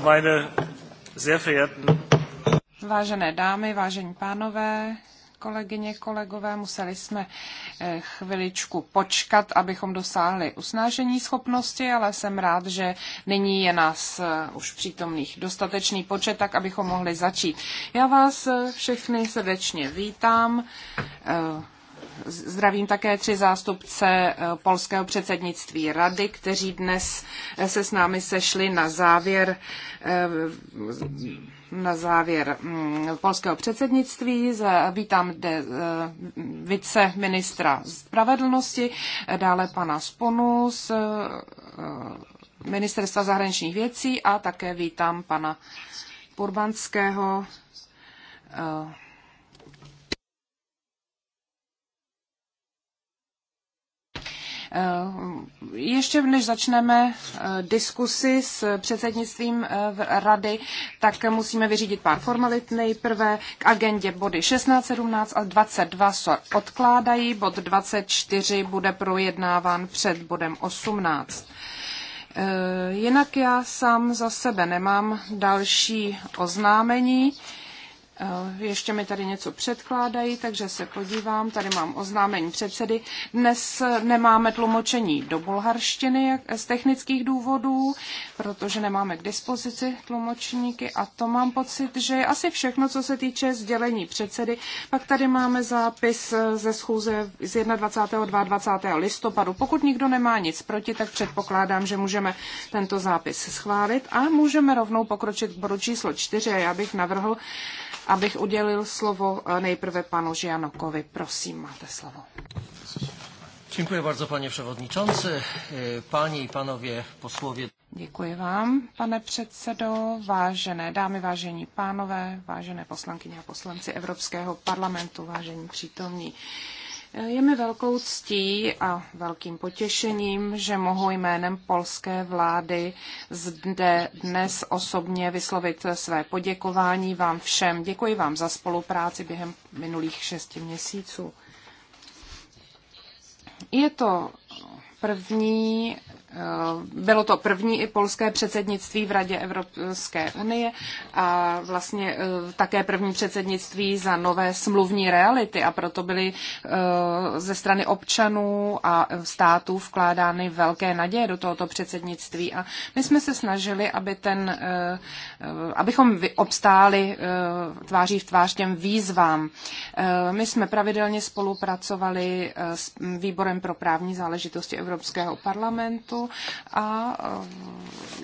meine sehr verehrten... Vážené dámy, vážení pánové, kolegyně, kolegové, museli jsme eh, chviličku počkat, abychom dosáhli usnášení schopnosti, ale jsem rád, že nyní je nás eh, už přítomných dostatečný počet, tak abychom mohli začít. Já vás eh, všechny srdečně vítám Zdravím také tři zástupce eh, polského předsednictví rady, kteří dnes eh, se s námi sešli na závěr eh, na závěr mm, polského předsednictví. Vítám de, viceministra spravedlnosti, dále pana Sponu z ministerstva zahraničních věcí a také vítám pana Purbanského Eh, ještě než začneme eh, diskusi s předsednictvím eh, rady, tak musíme vyřídit pár formalit. Nejprve k agendě body 16, 17 a 22 se odkládají, bod 24 bude projednáván před bodem 18. Jinak já sám za sebe nemám další oznámení. Eh, ještě mi tady něco předkládají, takže se podívám. Tady mám oznámení předsedy. Dnes eh, nemáme tlumočení do bulharštiny z technických důvodů, protože nemáme k dispozici tlumočníky a to mám pocit, že je asi všechno, co se týče sdělení předsedy. Pak tady máme zápis eh, ze schůze z 21. 22. listopadu. Pokud nikdo nemá nic proti, tak předpokládám, že můžeme tento zápis schválit a můžeme rovnou pokročit k bodu číslo 4. Já bych navrhl, abych udělil slovo eh, nejprve panu Žianokovi. Prosím, máte slovo. Dziękuję bardzo, panie przewodniczący, e, panie i panowie posłowie. Děkuji vám, pane předsedo, vážené dámy, vážení pánové, vážené poslankyně a poslanci Evropského parlamentu, vážení přítomní. Je mi velkou ctí a velkým potěšením, že mohu jménem polské vlády zde dnes osobně vyslovit své poděkování vám všem. Děkuji vám za spolupráci během minulých šesti měsíců. Je to první Eh, bylo to první i polské předsednictví v Radě Evropské unie a vlastně eh, také první předsednictví za nové smluvní reality a proto byly eh, ze strany občanů a států vkládány velké naděje do tohoto předsednictví a my jsme se snažili, aby ten, abychom obstáli tváří v tvář těm výzvám. My jsme pravidelně spolupracovali s výborem pro právní záležitosti Evropského parlamentu a eh,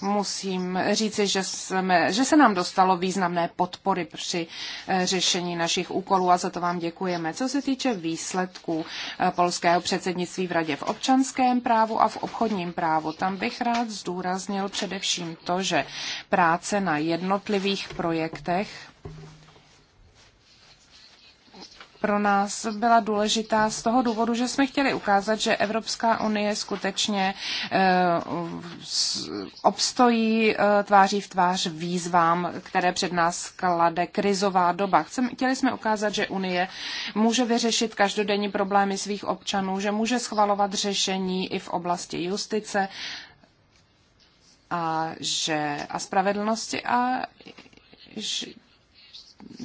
musím říci, že, jsme, že se nám dostalo významné podpory při eh, řešení našich úkolů a za to vám děkujeme. Co se týče výsledků eh, polského předsednictví v Radě v občanském právu a v obchodním právu, tam bych rád zdůraznil především to, že práce na jednotlivých projektech pro nás byla důležitá z toho důvodu, že jsme chtěli ukázat, že Evropská unie skutečně eh, obstojí eh, tváří v tvář výzvám, které před nás klade krizová doba. Chtěli jsme ukázat, že Unie může vyřešit každodenní problémy svých občanů, že může schvalovat řešení i v oblasti justice a, že, a spravedlnosti a že,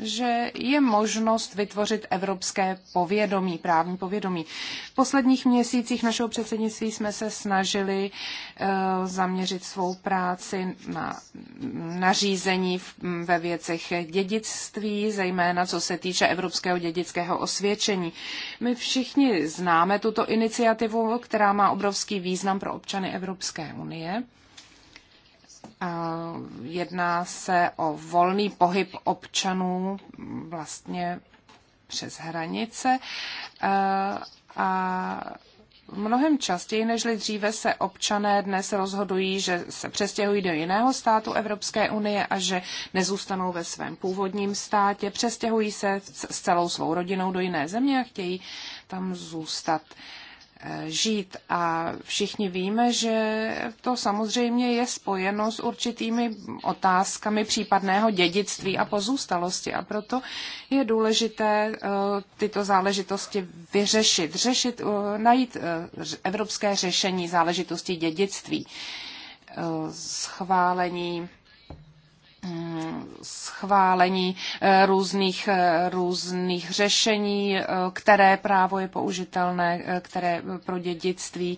že je možnost vytvořit evropské povědomí, právní povědomí. V posledních měsících našeho předsednictví jsme se snažili eh, zaměřit svou práci na nařízení mm, ve věcech dědictví, zejména co se týče evropského dědického osvědčení. My všichni známe tuto iniciativu, která má obrovský význam pro občany Evropské unie. Eh, jedná se o volný pohyb občanů vlastně přes hranice eh, a Mnohem častěji než dříve se občané dnes rozhodují, že se přestěhují do jiného státu Evropské unie a že nezůstanou ve svém původním státě. Přestěhují se s celou svou rodinou do jiné země a chtějí tam zůstat. Uh, žít. A všichni víme, že to samozřejmě je spojeno s určitými otázkami případného dědictví a pozůstalosti. A proto je důležité eh, tyto záležitosti vyřešit, řešit, eh, najít eh, evropské řešení záležitosti dědictví schválení schválení eh, různých, eh, různých řešení, eh, které právo je použitelné, které pro dědictví,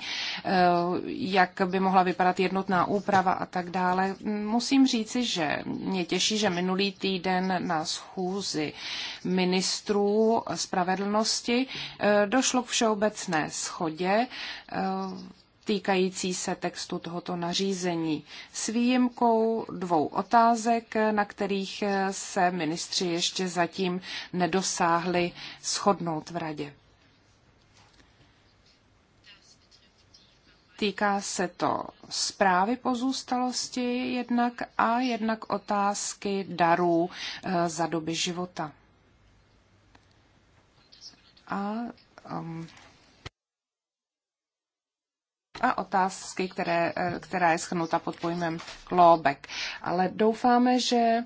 jak by mohla vypadat jednotná úprava a tak dále. Musím říci, že mě těší, že minulý týden na schůzi ministrů spravedlnosti došlo k všeobecné schodě týkající se textu tohoto nařízení, s výjimkou dvou otázek, na kterých se ministři ještě zatím nedosáhli shodnout v radě. Týká se to zprávy pozůstalosti jednak a jednak otázky darů eh, za doby života. A um, a otázky, které, eh, která je schrnuta pod pojmem clawback. Ale doufáme, že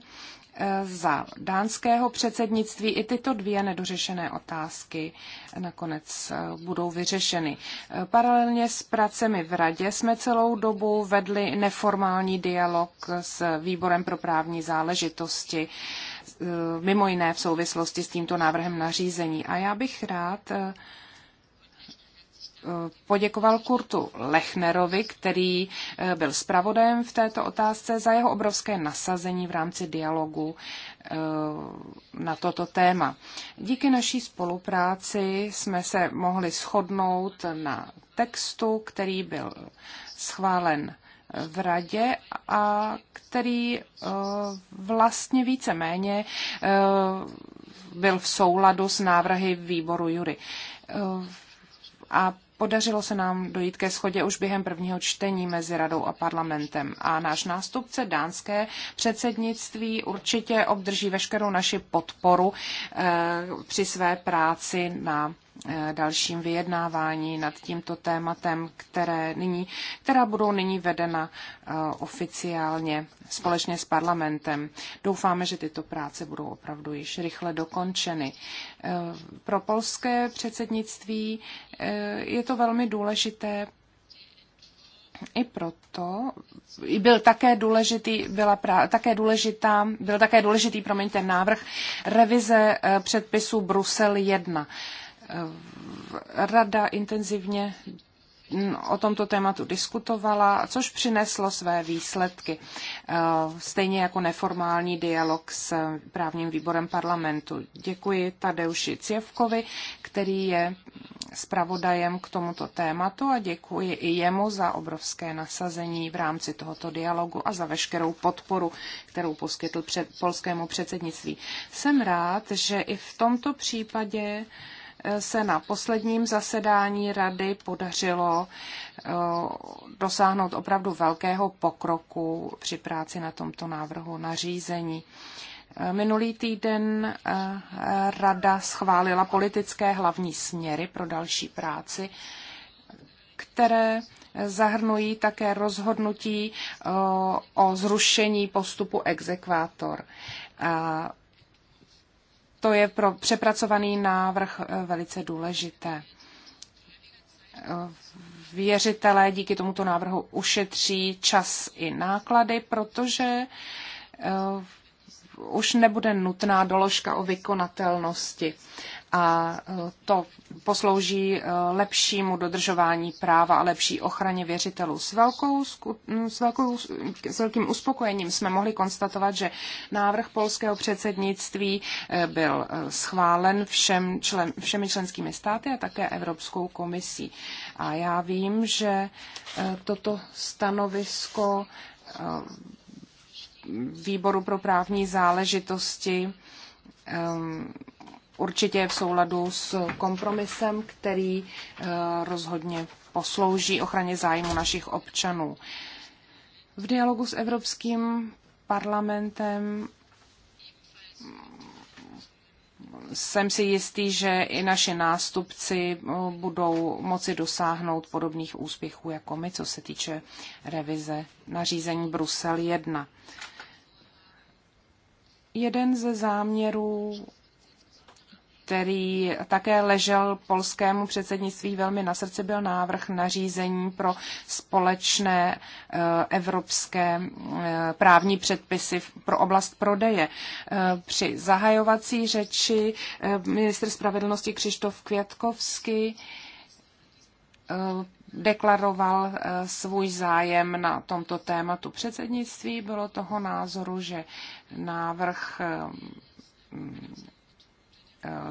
eh, za dánského předsednictví i tyto dvě nedořešené otázky eh, nakonec budou vyřešeny. Paralelně s pracemi v Radě jsme celou dobu vedli neformální dialog s Výborem pro právní záležitosti, mimo jiné v souvislosti s tímto návrhem nařízení. A já bych rád poděkoval Kurtu Lechnerovi, který eh, byl zpravodajem v této otázce za jeho obrovské nasazení v rámci dialogu eh, na toto téma. Díky naší spolupráci jsme se mohli shodnout na textu, který byl schválen v radě a který eh, vlastně víceméně byl v souladu s návrhy výboru Jury. A Podařilo se nám dojít ke schodě už během prvního čtení mezi radou a parlamentem a náš nástupce dánské předsednictví určitě obdrží veškerou naši podporu eh, při své práci na Eh, dalším vyjednávání nad tímto tématem, které nyní, která budou nyní vedena eh, oficiálně společně s parlamentem. Doufáme, že tyto práce budou opravdu již rychle dokončeny. Eh, pro polské předsednictví je to velmi důležité i proto byl také důležitý, byla pra, také důležitá, byl také důležitý, promiňte, návrh revize předpisu Brusel 1. Rada intenzivně o tomto tématu diskutovala, což přineslo své výsledky. Eh, stejně jako neformální dialog s právním výborem parlamentu. Děkuji Tadeuši Cěvkovi, který je zpravodajem k tomuto tématu a děkuji i jemu za obrovské nasazení v rámci tohoto dialogu a za veškerou podporu, kterou poskytl před polskému předsednictví. Jsem rád, že i v tomto případě se na posledním zasedání rady podařilo eh, dosáhnout opravdu velkého pokroku při práci na tomto návrhu nařízení. Eh, minulý týden eh, rada schválila politické hlavní směry pro další práci, které zahrnují také rozhodnutí o zrušení postupu exekvátor to je pro přepracovaný návrh eh, velice důležité. Eh, věřitelé díky tomuto návrhu ušetří čas i náklady, protože eh, už nebude nutná doložka o vykonatelnosti a e, to poslouží e, lepšímu dodržování práva a lepší ochraně věřitelů. S, velkou, s, velkou, s velkým uspokojením jsme mohli konstatovat, že návrh polského předsednictví e, byl schválen všem člen, všemi členskými státy a také Evropskou komisí. A já vím, že toto stanovisko výboru pro právní záležitosti určitě je v souladu s kompromisem, který eh, rozhodně poslouží ochraně zájmu našich občanů. V dialogu s Evropským parlamentem jsem si jistý, že i naši nástupci eh, budou moci dosáhnout podobných úspěchů jako my, co se týče revize nařízení Brusel 1. Jeden ze záměrů který také ležel polskému předsednictví velmi na srdci, byl návrh nařízení pro společné eh, evropské eh, právní předpisy pro oblast prodeje. Eh, při zahajovací řeči minister spravedlnosti Křištof Květkovský deklaroval svůj zájem na tomto tématu předsednictví. Bylo toho názoru, že návrh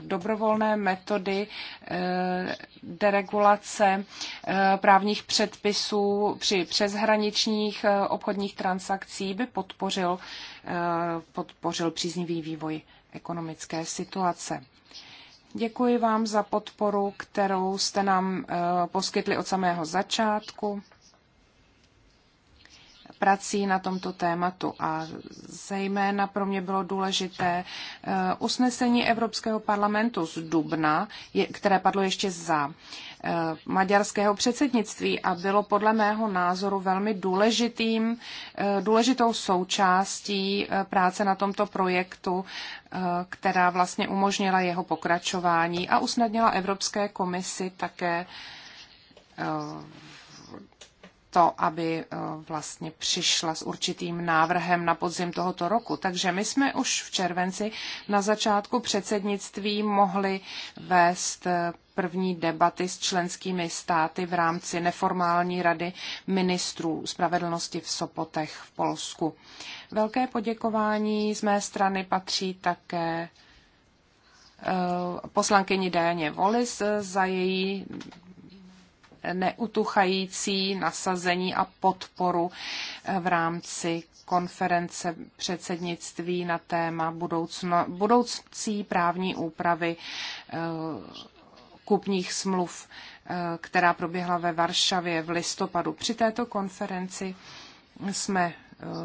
dobrovolné metody eh, deregulace eh, právních předpisů při přeshraničních eh, obchodních transakcích by podpořil, podpořil příznivý vývoj ekonomické situace. Děkuji vám za podporu, kterou jste nám poskytli od samého začátku prací na tomto tématu. A zejména pro mě bylo důležité eh, usnesení Evropského parlamentu z Dubna, které padlo ještě za eh, maďarského předsednictví a bylo podle mého názoru velmi důležitým, eh, důležitou součástí práce na tomto projektu, která vlastně umožnila jeho pokračování a usnadnila Evropské komisi také to, aby eh, vlastně přišla s určitým návrhem na podzim tohoto roku. Takže my jsme už v červenci na začátku předsednictví mohli vést eh, první debaty s členskými státy v rámci neformální rady ministrů spravedlnosti v Sopotech v Polsku. Velké poděkování z mé strany patří také eh, poslankyni Déně Volis za její neutuchající nasazení a podporu eh, v rámci konference předsednictví na téma budoucno, budoucí právní úpravy eh, kupních smluv, eh, která proběhla ve Varšavě v listopadu. Při této konferenci jsme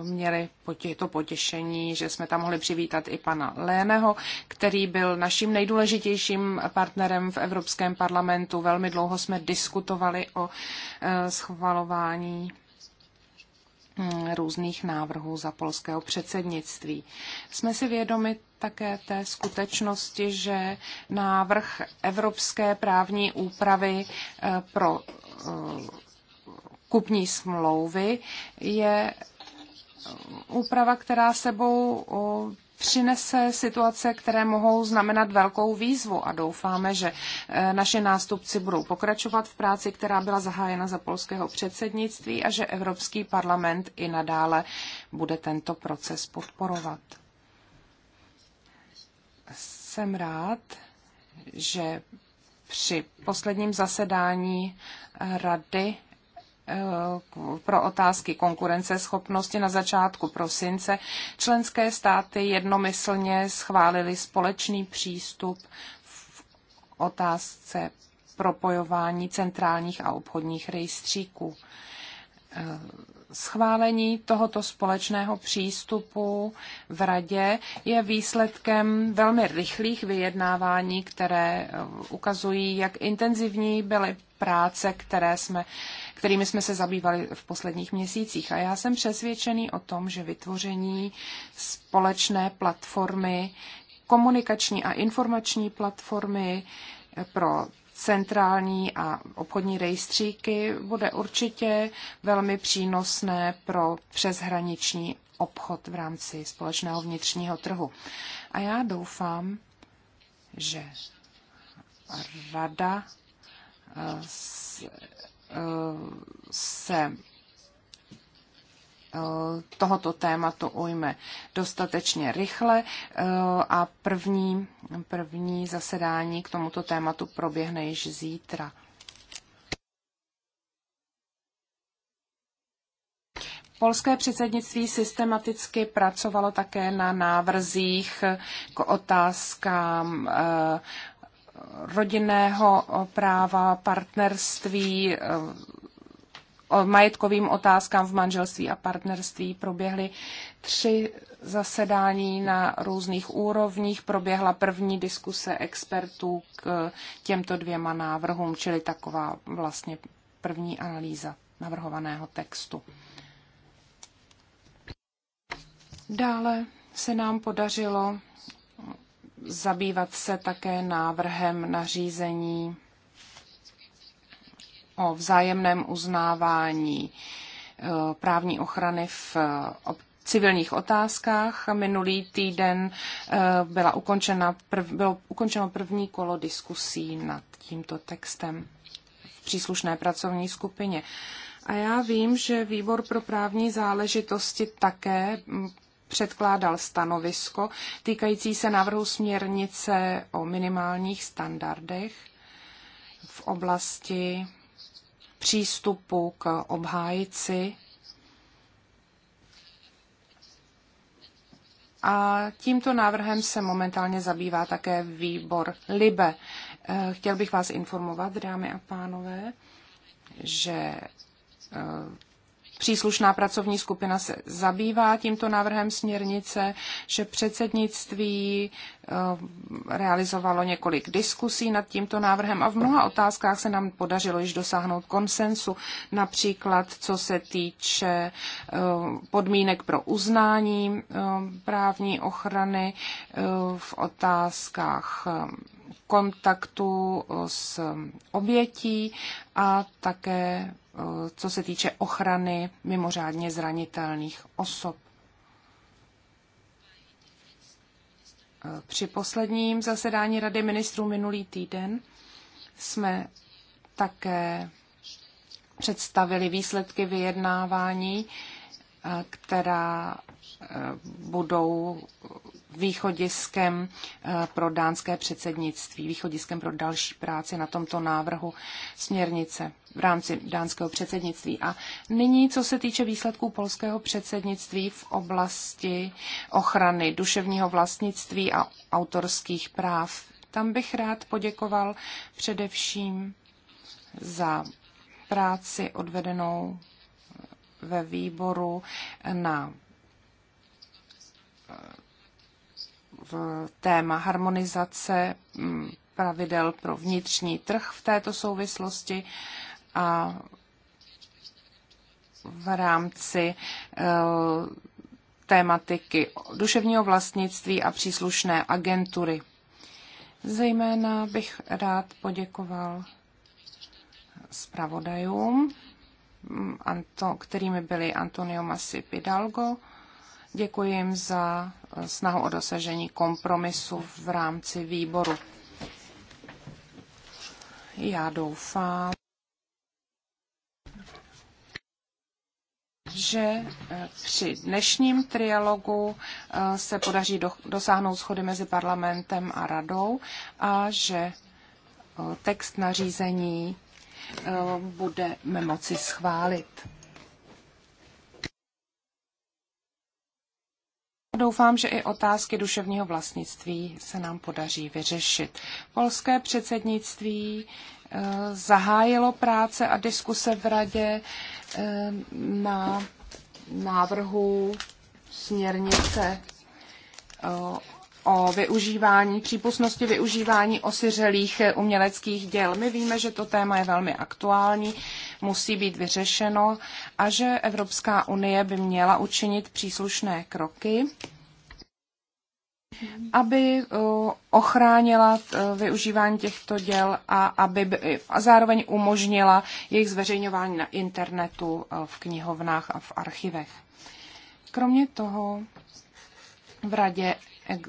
měli to potěšení, že jsme tam mohli přivítat i pana Léneho, který byl naším nejdůležitějším partnerem v Evropském parlamentu. Velmi dlouho jsme diskutovali o eh, schvalování hm, různých návrhů za polského předsednictví. Jsme si vědomi také té skutečnosti, že návrh evropské právní úpravy eh, pro eh, kupní smlouvy je úprava, která sebou přinese situace, které mohou znamenat velkou výzvu a doufáme, že e, naše nástupci budou pokračovat v práci, která byla zahájena za polského předsednictví a že Evropský parlament i nadále bude tento proces podporovat. Jsem rád, že při posledním zasedání rady pro otázky konkurenceschopnosti na začátku prosince členské státy jednomyslně schválili společný přístup v otázce propojování centrálních a obchodních rejstříků schválení tohoto společného přístupu v radě je výsledkem velmi rychlých vyjednávání, které eh, ukazují, jak intenzivní byly práce, které jsme, kterými jsme se zabývali v posledních měsících. A já jsem přesvědčený o tom, že vytvoření společné platformy, komunikační a informační platformy eh, pro centrální a obchodní rejstříky bude určitě velmi přínosné pro přeshraniční obchod v rámci společného vnitřního trhu. A já doufám, že rada eh, eh, se Eh, tohoto tématu ujme dostatečně rychle eh, a první, první zasedání k tomuto tématu proběhne již zítra. Polské předsednictví systematicky pracovalo také na návrzích k otázkám eh, rodinného práva, partnerství, majetkovým otázkám v manželství a partnerství. Proběhly tři zasedání na různých úrovních. Proběhla první diskuse expertů k těmto dvěma návrhům, čili taková vlastně první analýza navrhovaného textu. Dále se nám podařilo zabývat se také návrhem nařízení o vzájemném uznávání e, právní ochrany v e, civilních otázkách. Minulý týden e, byla ukončena, prv, bylo ukončeno první kolo diskusí nad tímto textem v příslušné pracovní skupině. A já vím, že výbor pro právní záležitosti také předkládal stanovisko týkající se návrhu směrnice o minimálních standardech v oblasti přístupu k obhájici. A tímto návrhem se momentálně zabývá také výbor LIBE. Eh, chtěl bych vás informovat, dámy a pánové, že eh, Příslušná pracovní skupina se zabývá tímto návrhem směrnice, že předsednictví eh, realizovalo několik diskusí nad tímto návrhem a v mnoha otázkách se nám podařilo již dosáhnout konsensu, například co se týče eh, podmínek pro uznání eh, právní ochrany v otázkách kontaktu s obětí a také Eh, co se týče ochrany mimořádně zranitelných osob. Eh, při posledním zasedání Rady ministrů minulý týden jsme také představili výsledky vyjednávání, eh, která Eh, budou východiskem eh, pro dánské předsednictví, východiskem pro další práci na tomto návrhu směrnice v rámci dánského předsednictví. A nyní, co se týče výsledků polského předsednictví v oblasti ochrany duševního vlastnictví a autorských práv, tam bych rád poděkoval především za práci odvedenou ve výboru na v téma harmonizace mm, pravidel pro vnitřní trh v této souvislosti a v rámci eh, tématiky duševního vlastnictví a příslušné agentury. Zejména bych rád poděkoval zpravodajům, mm, kterými byli Antonio Masip Hidalgo Děkuji jim za eh, snahu o dosažení kompromisu v rámci výboru. Já doufám, že eh, při dnešním trialogu eh, se podaří dosáhnout schody mezi parlamentem a radou a že text nařízení budeme moci schválit. Doufám, že i otázky duševního vlastnictví se nám podaří vyřešit. Polské předsednictví eh, zahájilo práce a diskuse v radě eh, na návrhu směrnice o využívání, přípustnosti využívání osiřelých uměleckých děl. My víme, že to téma je velmi aktuální, musí být vyřešeno a že Evropská unie by měla učinit příslušné kroky, aby eh, ochránila eh, využívání těchto děl a aby by, a zároveň umožnila jejich zveřejňování na internetu, eh, v knihovnách a v archivech. Kromě toho v radě Eh,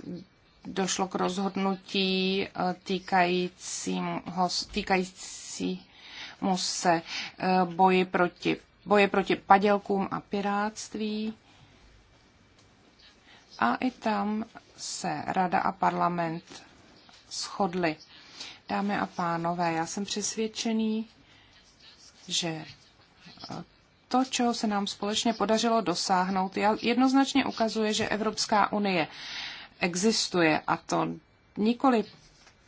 došlo k rozhodnutí eh, týkajícímu, týkajícímu se eh, boji proti, boje proti padělkům a pirátství. A i tam se Rada a parlament shodly. Dámy a pánové, já jsem přesvědčený, že to, čeho se nám společně podařilo dosáhnout, jednoznačně ukazuje, že Evropská unie existuje a to nikoli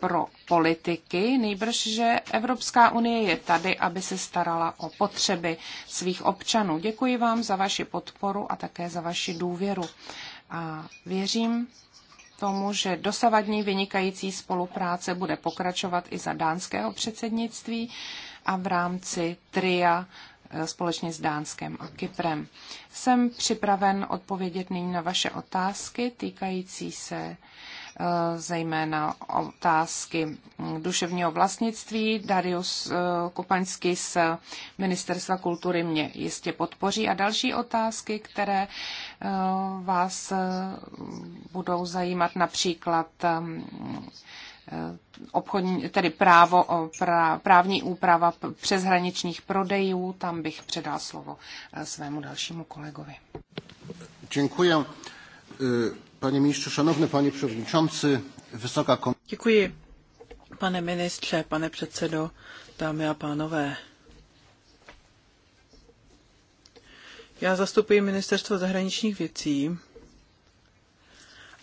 pro politiky, nejbrž, že Evropská unie je tady, aby se starala o potřeby svých občanů. Děkuji vám za vaši podporu a také za vaši důvěru. A věřím tomu, že dosavadní vynikající spolupráce bude pokračovat i za dánského předsednictví a v rámci TRIA společně s Dánskem a Kyprem. Jsem připraven odpovědět nyní na vaše otázky týkající se e, zejména otázky duševního vlastnictví. Darius e, Kopaňský z Ministerstva kultury mě jistě podpoří a další otázky, které e, vás budou zajímat například Eh, obchodní, tedy právo, pra, právní úprava přeshraničních prodejů. Tam bych předal slovo eh, svému dalšímu kolegovi. Děkuji. E, pane ministře, šanovný pane předsedající, vysoká kom... Děkuji. Pane ministře, pane předsedo, dámy a pánové. Já zastupuji ministerstvo zahraničních věcí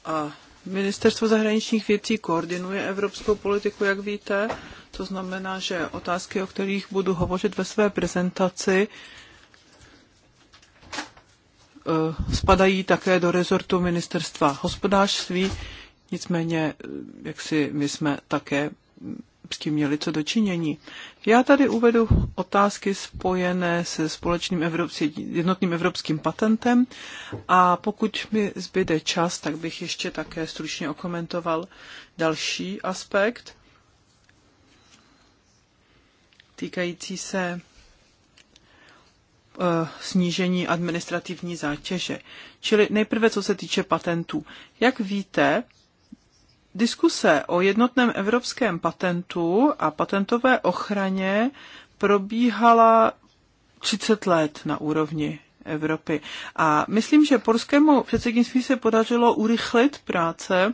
a Ministerstvo zahraničních věcí koordinuje evropskou politiku, jak víte. To znamená, že otázky, o kterých budu hovořit ve své prezentaci, eh, spadají také do rezortu ministerstva hospodářství. Nicméně, eh, jak si my jsme také s tím měli co dočinění. Já tady uvedu otázky spojené se společným evropským, jednotným evropským patentem a pokud mi zbyde čas, tak bych ještě také stručně okomentoval další aspekt týkající se eh, snížení administrativní zátěže. Čili nejprve, co se týče patentů. Jak víte, Diskuse o jednotném evropském patentu a patentové ochraně probíhala 30 let na úrovni Evropy. A myslím, že polskému předsednictví se podařilo urychlit práce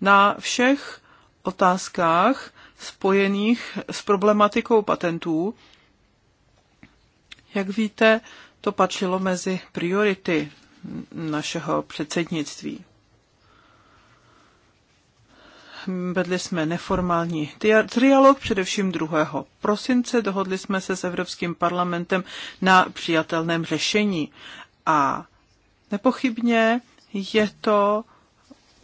na všech otázkách spojených s problematikou patentů. Jak víte, to patřilo mezi priority našeho předsednictví vedli jsme neformální trialog, především 2. prosince. Dohodli jsme se s Evropským parlamentem na přijatelném řešení. A nepochybně je to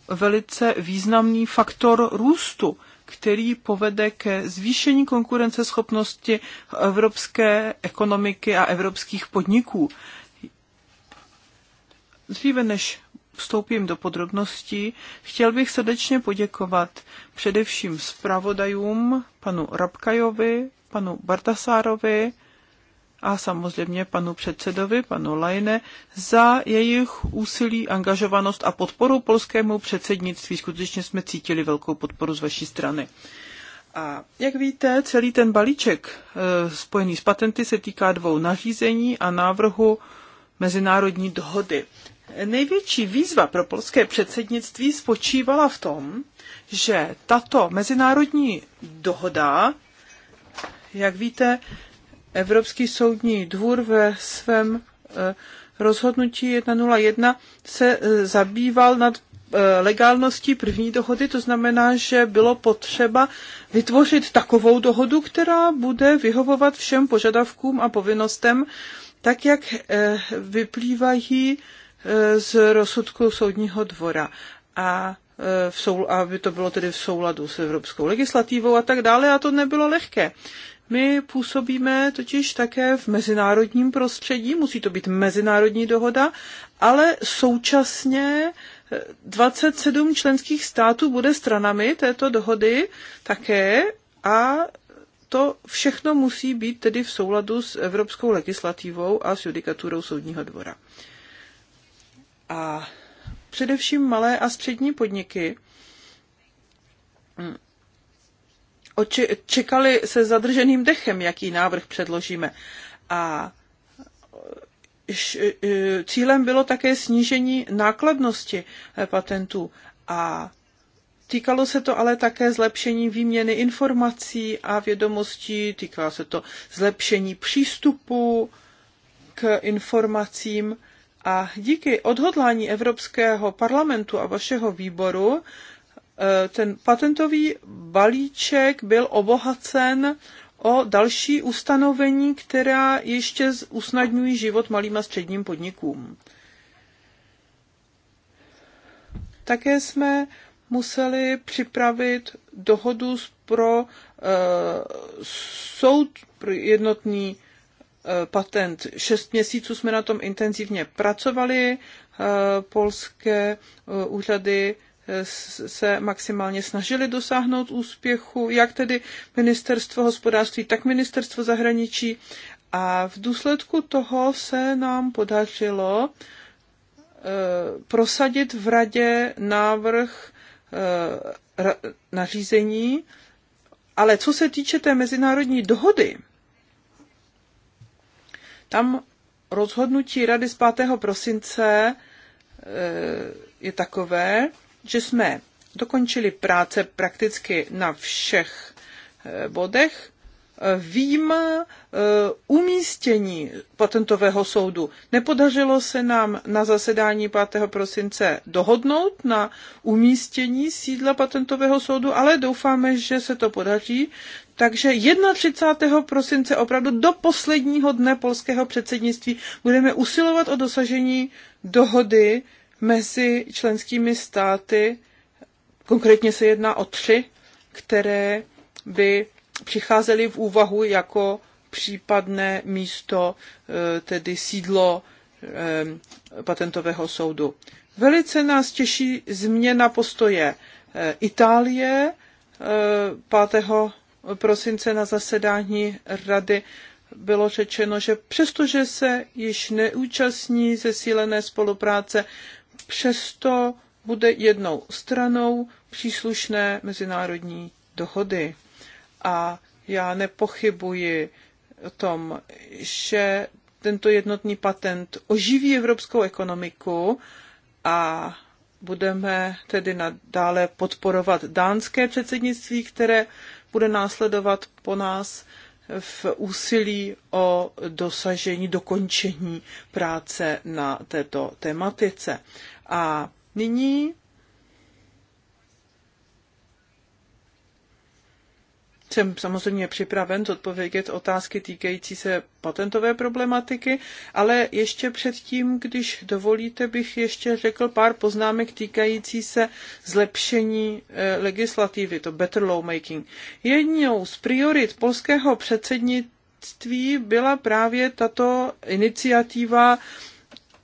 velice významný faktor růstu, který povede ke zvýšení konkurenceschopnosti evropské ekonomiky a evropských podniků. Dříve než vstoupím do podrobností, chtěl bych srdečně poděkovat především zpravodajům, panu Rabkajovi, panu Bartasárovi a samozřejmě panu předsedovi, panu Lajne, za jejich úsilí, angažovanost a podporu polskému předsednictví. Skutečně jsme cítili velkou podporu z vaší strany. A jak víte, celý ten balíček e, spojený s patenty se týká dvou nařízení a návrhu mezinárodní dohody. Největší výzva pro polské předsednictví spočívala v tom, že tato mezinárodní dohoda, jak víte, Evropský soudní dvůr ve svém eh, rozhodnutí 101 se eh, zabýval nad eh, legálností první dohody, to znamená, že bylo potřeba vytvořit takovou dohodu, která bude vyhovovat všem požadavkům a povinnostem, tak jak vyplývají Eh, z rozsudku soudního dvora a eh, v soul, aby to bylo tedy v souladu s evropskou legislativou a tak dále a to nebylo lehké. My působíme totiž také v mezinárodním prostředí, musí to být mezinárodní dohoda, ale současně 27 eh, členských států bude stranami této dohody také a to všechno musí být tedy v souladu s evropskou legislativou a s judikaturou soudního dvora a především malé a střední podniky mm, čekali se zadrženým dechem, jaký návrh předložíme. A e, cílem bylo také snížení nákladnosti e, patentů a Týkalo se to ale také zlepšení výměny informací a vědomostí, týkalo se to zlepšení přístupu k informacím a díky odhodlání Evropského parlamentu a vašeho výboru e, ten patentový balíček byl obohacen o další ustanovení, která ještě usnadňují život malým a středním podnikům. Také jsme museli připravit dohodu pro, uh, soud, pro jednotný Eh, patent. Šest měsíců jsme na tom intenzivně pracovali. Eh, polské eh, úřady se maximálně snažili dosáhnout úspěchu, jak tedy ministerstvo hospodářství, tak ministerstvo zahraničí. A v důsledku toho se nám podařilo prosadit v radě návrh nařízení, ale co se týče té mezinárodní dohody, tam rozhodnutí Rady z 5. prosince eh, je takové, že jsme dokončili práce prakticky na všech eh, bodech, eh, výjima umístění patentového soudu. Nepodařilo se nám na zasedání 5. prosince dohodnout na umístění sídla patentového soudu, ale doufáme, že se to podaří takže 31. prosince opravdu do posledního dne polského předsednictví budeme usilovat o dosažení dohody mezi členskými státy. Konkrétně se jedná o tři, které by přicházely v úvahu jako případné místo, eh, tedy sídlo eh, patentového soudu. Velice nás těší změna postoje eh, Itálie 5 prosince na zasedání rady bylo řečeno, že přestože se již neúčastní zesílené spolupráce, přesto bude jednou stranou příslušné mezinárodní dohody. A já nepochybuji o tom, že tento jednotný patent oživí evropskou ekonomiku a budeme tedy nadále podporovat dánské předsednictví, které bude následovat po nás v úsilí o dosažení, dokončení práce na této tematice. A nyní jsem samozřejmě připraven zodpovědět otázky týkající se patentové problematiky, ale ještě předtím, když dovolíte, bych ještě řekl pár poznámek týkající se zlepšení eh, legislativy, to better lawmaking. Jednou z priorit polského předsednictví byla právě tato iniciativa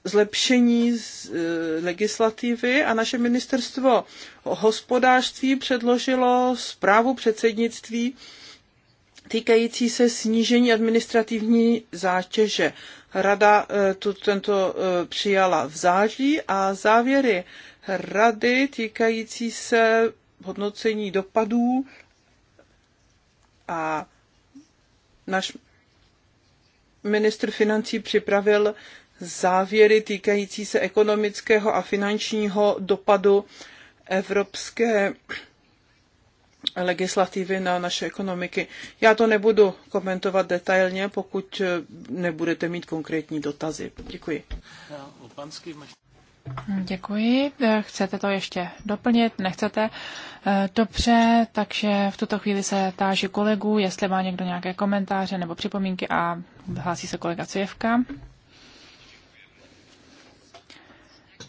zlepšení z, e, legislativy a naše ministerstvo hospodářství předložilo zprávu předsednictví týkající se snížení administrativní zátěže. Rada e, tu, tento e, přijala v září a závěry rady týkající se hodnocení dopadů a náš ministr financí připravil závěry týkající se ekonomického a finančního dopadu evropské legislativy na naše ekonomiky. Já to nebudu komentovat detailně, pokud nebudete mít konkrétní dotazy. Děkuji. Děkuji. Chcete to ještě doplnit? Nechcete? Eh, dobře, takže v tuto chvíli se táži kolegů, jestli má někdo nějaké komentáře nebo připomínky a hlásí se kolega Cujevka.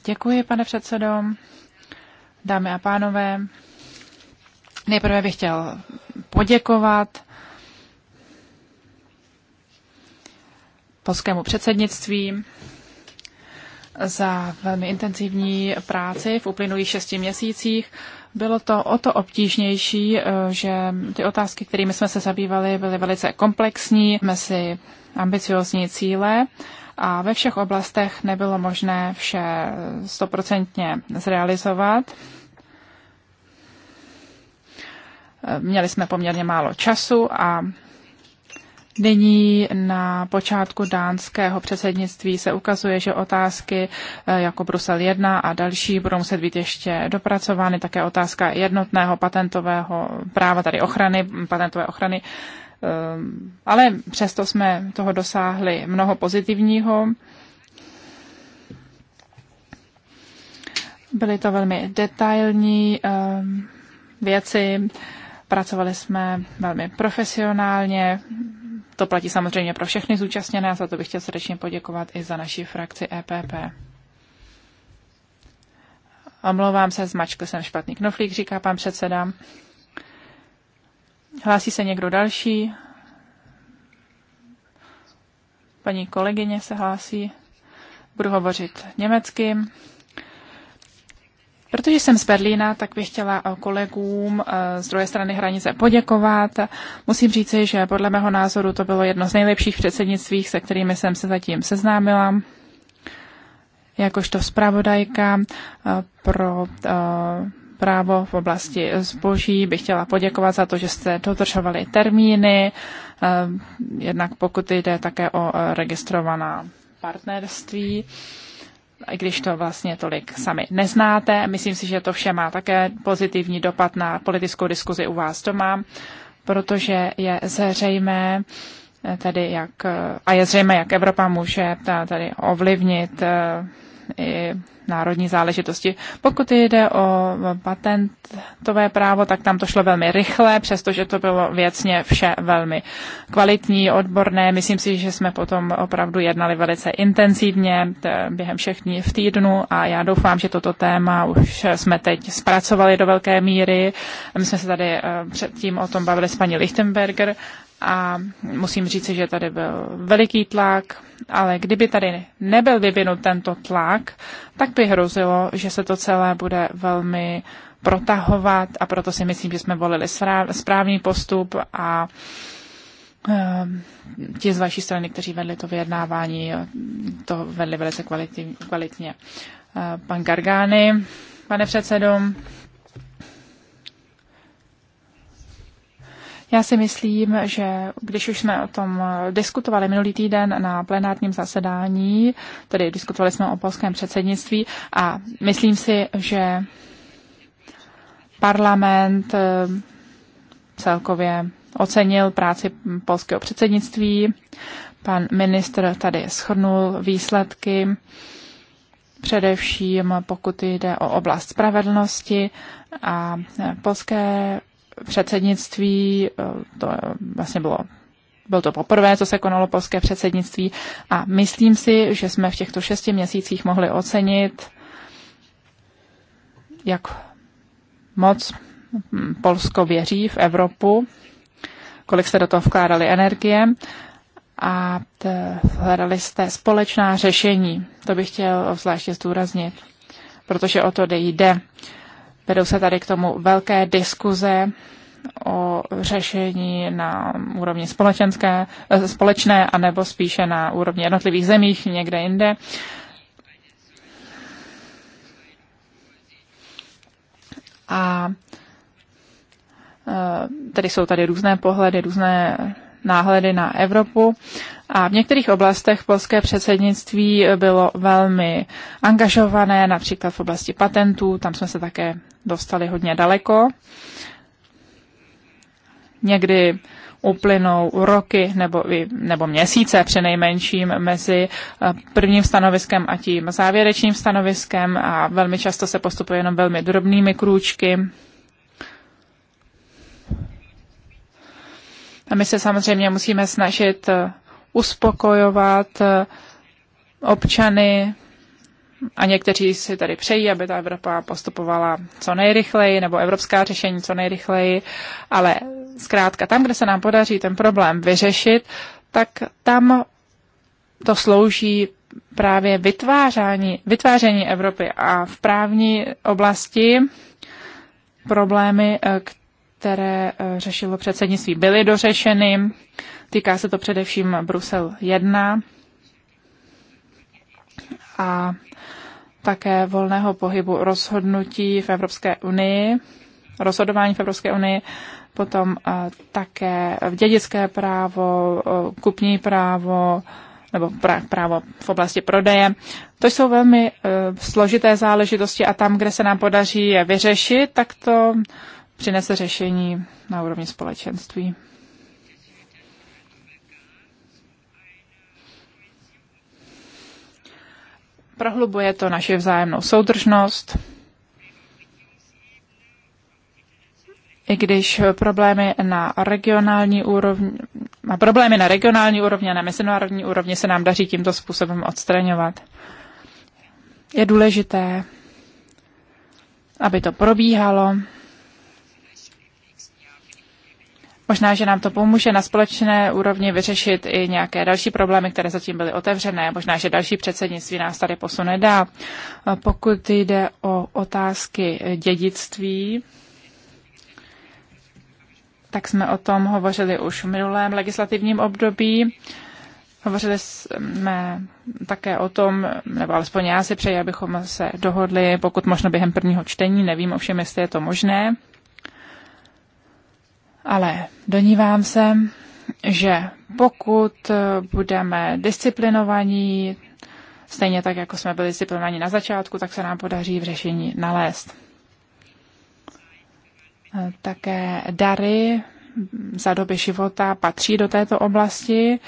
Děkuji, pane předsedo. Dámy a pánové, nejprve bych chtěl poděkovat polskému předsednictví za velmi intenzivní práci v uplynulých šesti měsících. Bylo to o to obtížnější, eh, že ty otázky, kterými jsme se zabývali, byly velice komplexní, mezi ambiciozní cíle a ve všech oblastech nebylo možné vše stoprocentně zrealizovat. Měli jsme poměrně málo času a Nyní na počátku dánského předsednictví se ukazuje, že otázky eh, jako Brusel 1 a další budou muset být ještě dopracovány, také otázka jednotného patentového práva, tady ochrany, patentové ochrany Ehm, ale přesto jsme toho dosáhli mnoho pozitivního. Byly to velmi detailní ehm, věci, pracovali jsme velmi profesionálně, to platí samozřejmě pro všechny zúčastněné a za to bych chtěl srdečně poděkovat i za naši frakci EPP. Omlouvám se, zmačkl jsem špatný knoflík, říká pan předseda. Hlásí se někdo další? Paní kolegyně se hlásí. Budu hovořit německy. Protože jsem z Berlína, tak bych chtěla kolegům eh, z druhé strany hranice poděkovat. Musím říci, že podle mého názoru to bylo jedno z nejlepších předsednictví, se kterými jsem se zatím seznámila. Jakožto zpravodajka eh, pro eh, právo v oblasti zboží. Bych chtěla poděkovat za to, že jste dodržovali termíny, eh, jednak pokud jde také o eh, registrovaná partnerství i když to vlastně tolik sami neznáte. Myslím si, že to vše má také pozitivní dopad na politickou diskuzi u vás doma, protože je zřejmé, eh, tedy jak, a je zřejmé, jak Evropa může tady ovlivnit i národní záležitosti. Pokud jde o patentové právo, tak tam to šlo velmi rychle, přestože to bylo věcně vše velmi kvalitní, odborné. Myslím si, že jsme potom opravdu jednali velice intenzivně během všech dní v týdnu a já doufám, že toto téma už jsme teď zpracovali do velké míry. My jsme se tady eh, předtím o tom bavili s paní Lichtenberger a musím říct, že tady byl veliký tlak, ale kdyby tady nebyl vyvinut tento tlak, tak by hrozilo, že se to celé bude velmi protahovat a proto si myslím, že jsme volili správný postup a ehm, ti z vaší strany, kteří vedli to vyjednávání, to vedli velice kvalitně. Eh, pan Gargány, pane předsedom, Já si myslím, že když už jsme o tom eh, diskutovali minulý týden na plenárním zasedání, tedy diskutovali jsme o polském předsednictví a myslím si, že parlament eh, celkově ocenil práci polského předsednictví. Pan ministr tady shrnul výsledky, především pokud jde o oblast spravedlnosti a eh, polské předsednictví, eh, to vlastně bylo bylo to poprvé, co se konalo polské předsednictví a myslím si, že jsme v těchto šesti měsících mohli ocenit, jak moc Polsko věří v Evropu, kolik jste do toho vkládali energie a hledali jste společná řešení. To bych chtěl zvláště zdůraznit, protože o to jde. Vedou se tady k tomu velké diskuze o řešení na úrovni společenské, eh, společné, anebo spíše na úrovni jednotlivých zemích někde jinde. A eh, tedy jsou tady různé pohledy, různé náhledy na Evropu. A v některých oblastech polské předsednictví bylo velmi angažované, například v oblasti patentů, tam jsme se také dostali hodně daleko. Někdy uplynou roky nebo, i, nebo měsíce přinejmenším mezi eh, prvním stanoviskem a tím závěrečným stanoviskem a velmi často se postupuje jenom velmi drobnými krůčky. A my se samozřejmě musíme snažit eh, uspokojovat eh, občany, a někteří si tady přejí, aby ta Evropa postupovala co nejrychleji, nebo evropská řešení co nejrychleji, ale zkrátka tam, kde se nám podaří ten problém vyřešit, tak tam to slouží právě vytváření, vytváření Evropy a v právní oblasti problémy, eh, které eh, řešilo předsednictví, byly dořešeny. Týká se to především Brusel 1 a také volného pohybu rozhodnutí v Evropské unii, rozhodování v Evropské unii, potom eh, také v dědické právo, eh, kupní právo nebo právo v oblasti prodeje. To jsou velmi eh, složité záležitosti a tam, kde se nám podaří je vyřešit, tak to přinese řešení na úrovni společenství. prohlubuje to naši vzájemnou soudržnost, i když problémy na regionální úrovni, a problémy na regionální úrovni a na mezinárodní úrovni se nám daří tímto způsobem odstraňovat. Je důležité, aby to probíhalo Možná, že nám to pomůže na společné úrovni vyřešit i nějaké další problémy, které zatím byly otevřené. Možná, že další předsednictví nás tady posune dál. Pokud jde o otázky dědictví, tak jsme o tom hovořili už v minulém legislativním období. Hovořili jsme také o tom, nebo alespoň já si přeji, abychom se dohodli, pokud možno během prvního čtení, nevím ovšem, jestli je to možné. Ale donívám se, že pokud budeme disciplinovaní, stejně tak, jako jsme byli disciplinovaní na začátku, tak se nám podaří v řešení nalézt. Také dary za doby života patří do této oblasti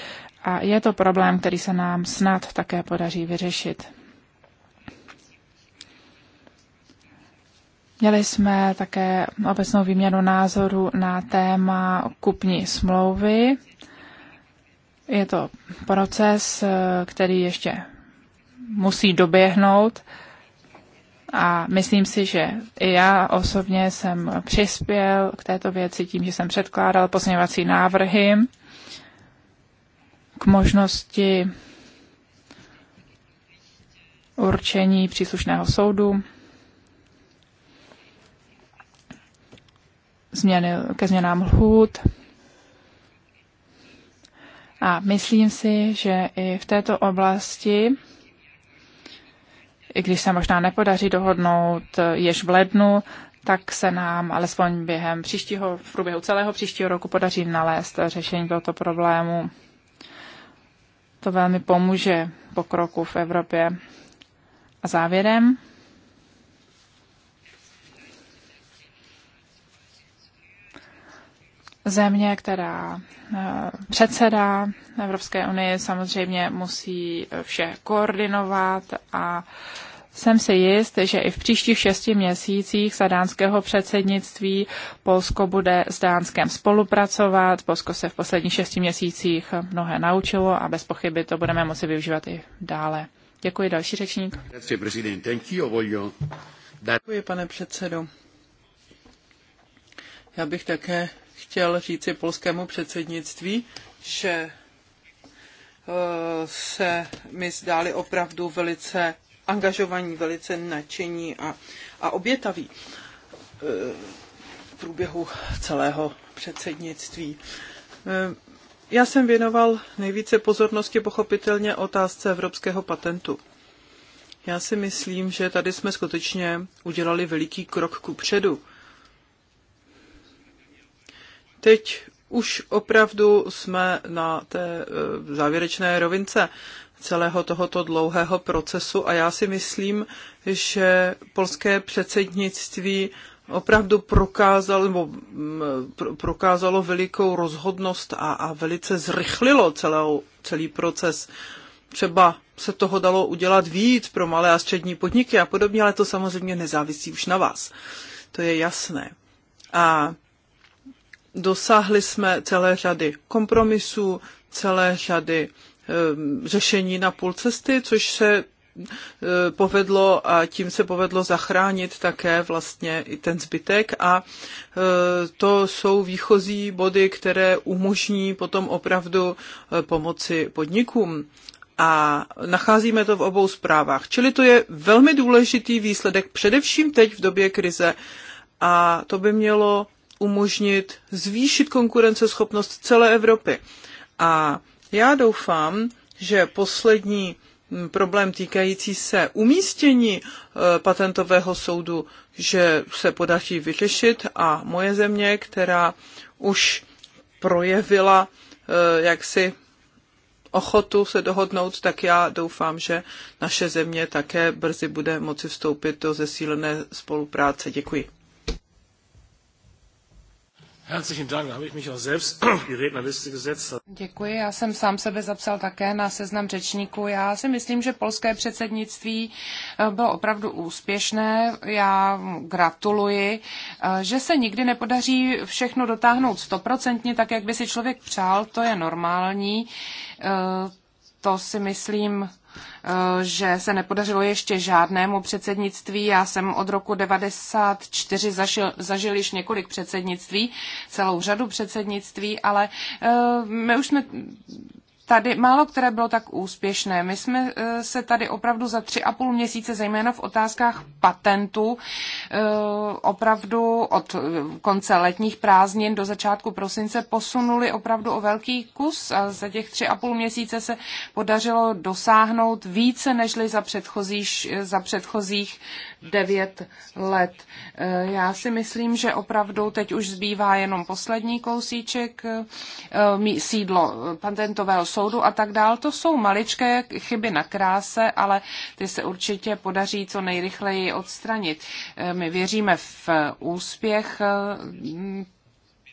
a je to problém, který se nám snad také podaří vyřešit. Měli jsme také obecnou výměnu názoru na téma kupní smlouvy. Je to proces, který ještě musí doběhnout a myslím si, že i já osobně jsem přispěl k této věci tím, že jsem předkládal pozměňovací návrhy k možnosti určení příslušného soudu změny, ke změnám lhůt. A myslím si, že i v této oblasti, i když se možná nepodaří dohodnout jež v lednu, tak se nám alespoň během příštího, v průběhu celého příštího roku podaří nalézt řešení tohoto problému. To velmi pomůže pokroku v Evropě. A závěrem. země, která eh, předsedá Evropské unii, samozřejmě musí vše koordinovat a jsem si jist, že i v příštích šesti měsících za dánského předsednictví Polsko bude s Dánskem spolupracovat. Polsko se v posledních šesti měsících mnohé naučilo a bez pochyby to budeme moci využívat i dále. Děkuji, další řečník. Děkuji, pane předsedo. Já bych také chtěl říci polskému předsednictví, že eh, se mi zdáli opravdu velice angažovaní, velice nadšení a, a obětaví eh, v průběhu celého předsednictví. Eh, já jsem věnoval nejvíce pozornosti pochopitelně otázce evropského patentu. Já si myslím, že tady jsme skutečně udělali veliký krok ku předu. Teď už opravdu jsme na té eh, závěrečné rovince celého tohoto dlouhého procesu a já si myslím, že polské předsednictví opravdu prokázal, nebo mm, prokázalo velikou rozhodnost a, a velice zrychlilo celou, celý proces. Třeba se toho dalo udělat víc pro malé a střední podniky a podobně, ale to samozřejmě nezávisí už na vás. To je jasné. A dosáhli jsme celé řady kompromisů, celé řady ehm, řešení na půl cesty, což se eh, povedlo a tím se povedlo zachránit také vlastně i ten zbytek a eh, to jsou výchozí body, které umožní potom opravdu eh, pomoci podnikům. A nacházíme to v obou zprávách. Čili to je velmi důležitý výsledek, především teď v době krize. A to by mělo umožnit zvýšit konkurenceschopnost celé Evropy. A já doufám, že poslední mm, problém týkající se umístění e, patentového soudu, že se podaří vyřešit a moje země, která už projevila e, jaksi ochotu se dohodnout, tak já doufám, že naše země také brzy bude moci vstoupit do zesílené spolupráce. Děkuji. Herzlichen Dank, da habe ich mich auch selbst die Rednerliste gesetzt. Děkuji, já jsem sám sebe zapsal také na seznam řečníků. Já si myslím, že polské předsednictví eh, bylo opravdu úspěšné. Já gratuluji, eh, že se nikdy nepodaří všechno dotáhnout stoprocentně, tak jak by si člověk přál, to je normální eh, to si myslím, eh, že se nepodařilo ještě žádnému předsednictví. Já jsem od roku 1994 zažil, zažil již několik předsednictví, celou řadu předsednictví, ale eh, my už jsme tady málo které bylo tak úspěšné. My jsme e, se tady opravdu za tři a půl měsíce, zejména v otázkách patentů, e, opravdu od konce letních prázdnin do začátku prosince posunuli opravdu o velký kus a za těch tři a půl měsíce se podařilo dosáhnout více nežli za, předchozích, za předchozích devět let. Eh, já si myslím, že opravdu teď už zbývá jenom poslední kousíček, eh, sídlo eh, patentového soudu a tak dál. To jsou maličké chyby na kráse, ale ty se určitě podaří co nejrychleji odstranit. My věříme v úspěch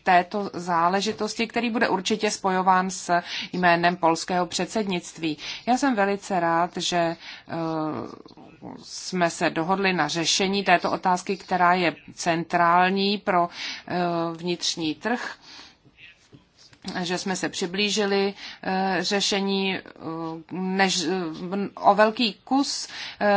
této záležitosti, který bude určitě spojován s jménem polského předsednictví. Já jsem velice rád, že jsme se dohodli na řešení této otázky, která je centrální pro eh, vnitřní trh že jsme se přiblížili eh, řešení eh, než eh, o velký kus.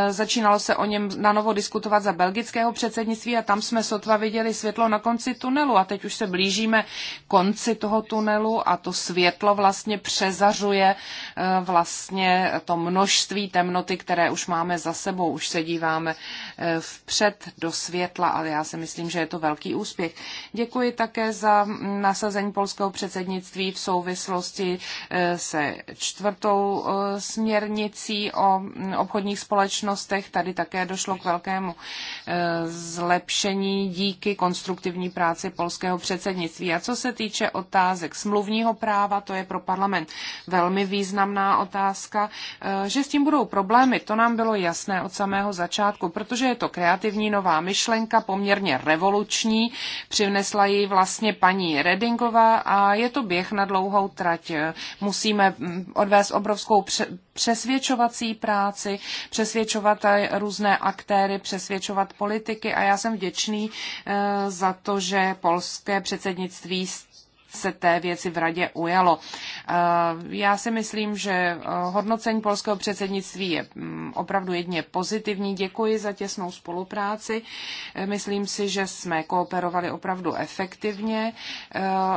Začínalo se o něm na novo diskutovat za belgického předsednictví a tam jsme sotva viděli světlo na konci tunelu a teď už se blížíme konci toho tunelu a to světlo vlastně přezařuje vlastně to množství temnoty, které už máme za sebou. Už se díváme vpřed do světla, ale já si myslím, že je to velký úspěch. Děkuji také za nasazení polského předsednictví zdravotnictví v souvislosti eh, se čtvrtou eh, směrnicí o obchodních společnostech. Tady také došlo k velkému eh, zlepšení díky konstruktivní práci polského předsednictví. A co se týče otázek smluvního práva, to je pro parlament velmi významná otázka, že s tím budou problémy, to nám bylo jasné od samého začátku, protože je to kreativní nová myšlenka, poměrně revoluční, přivnesla ji vlastně paní Redingová a je to to běh na dlouhou trať. Musíme mm, odvést obrovskou přesvědčovací práci, přesvědčovat různé aktéry, přesvědčovat politiky a já jsem vděčný eh, za to, že polské předsednictví se té věci v radě ujalo. Eh, já si myslím, že eh, hodnocení polského předsednictví je mm, opravdu jedně pozitivní. Děkuji za těsnou spolupráci. Eh, myslím si, že jsme kooperovali opravdu efektivně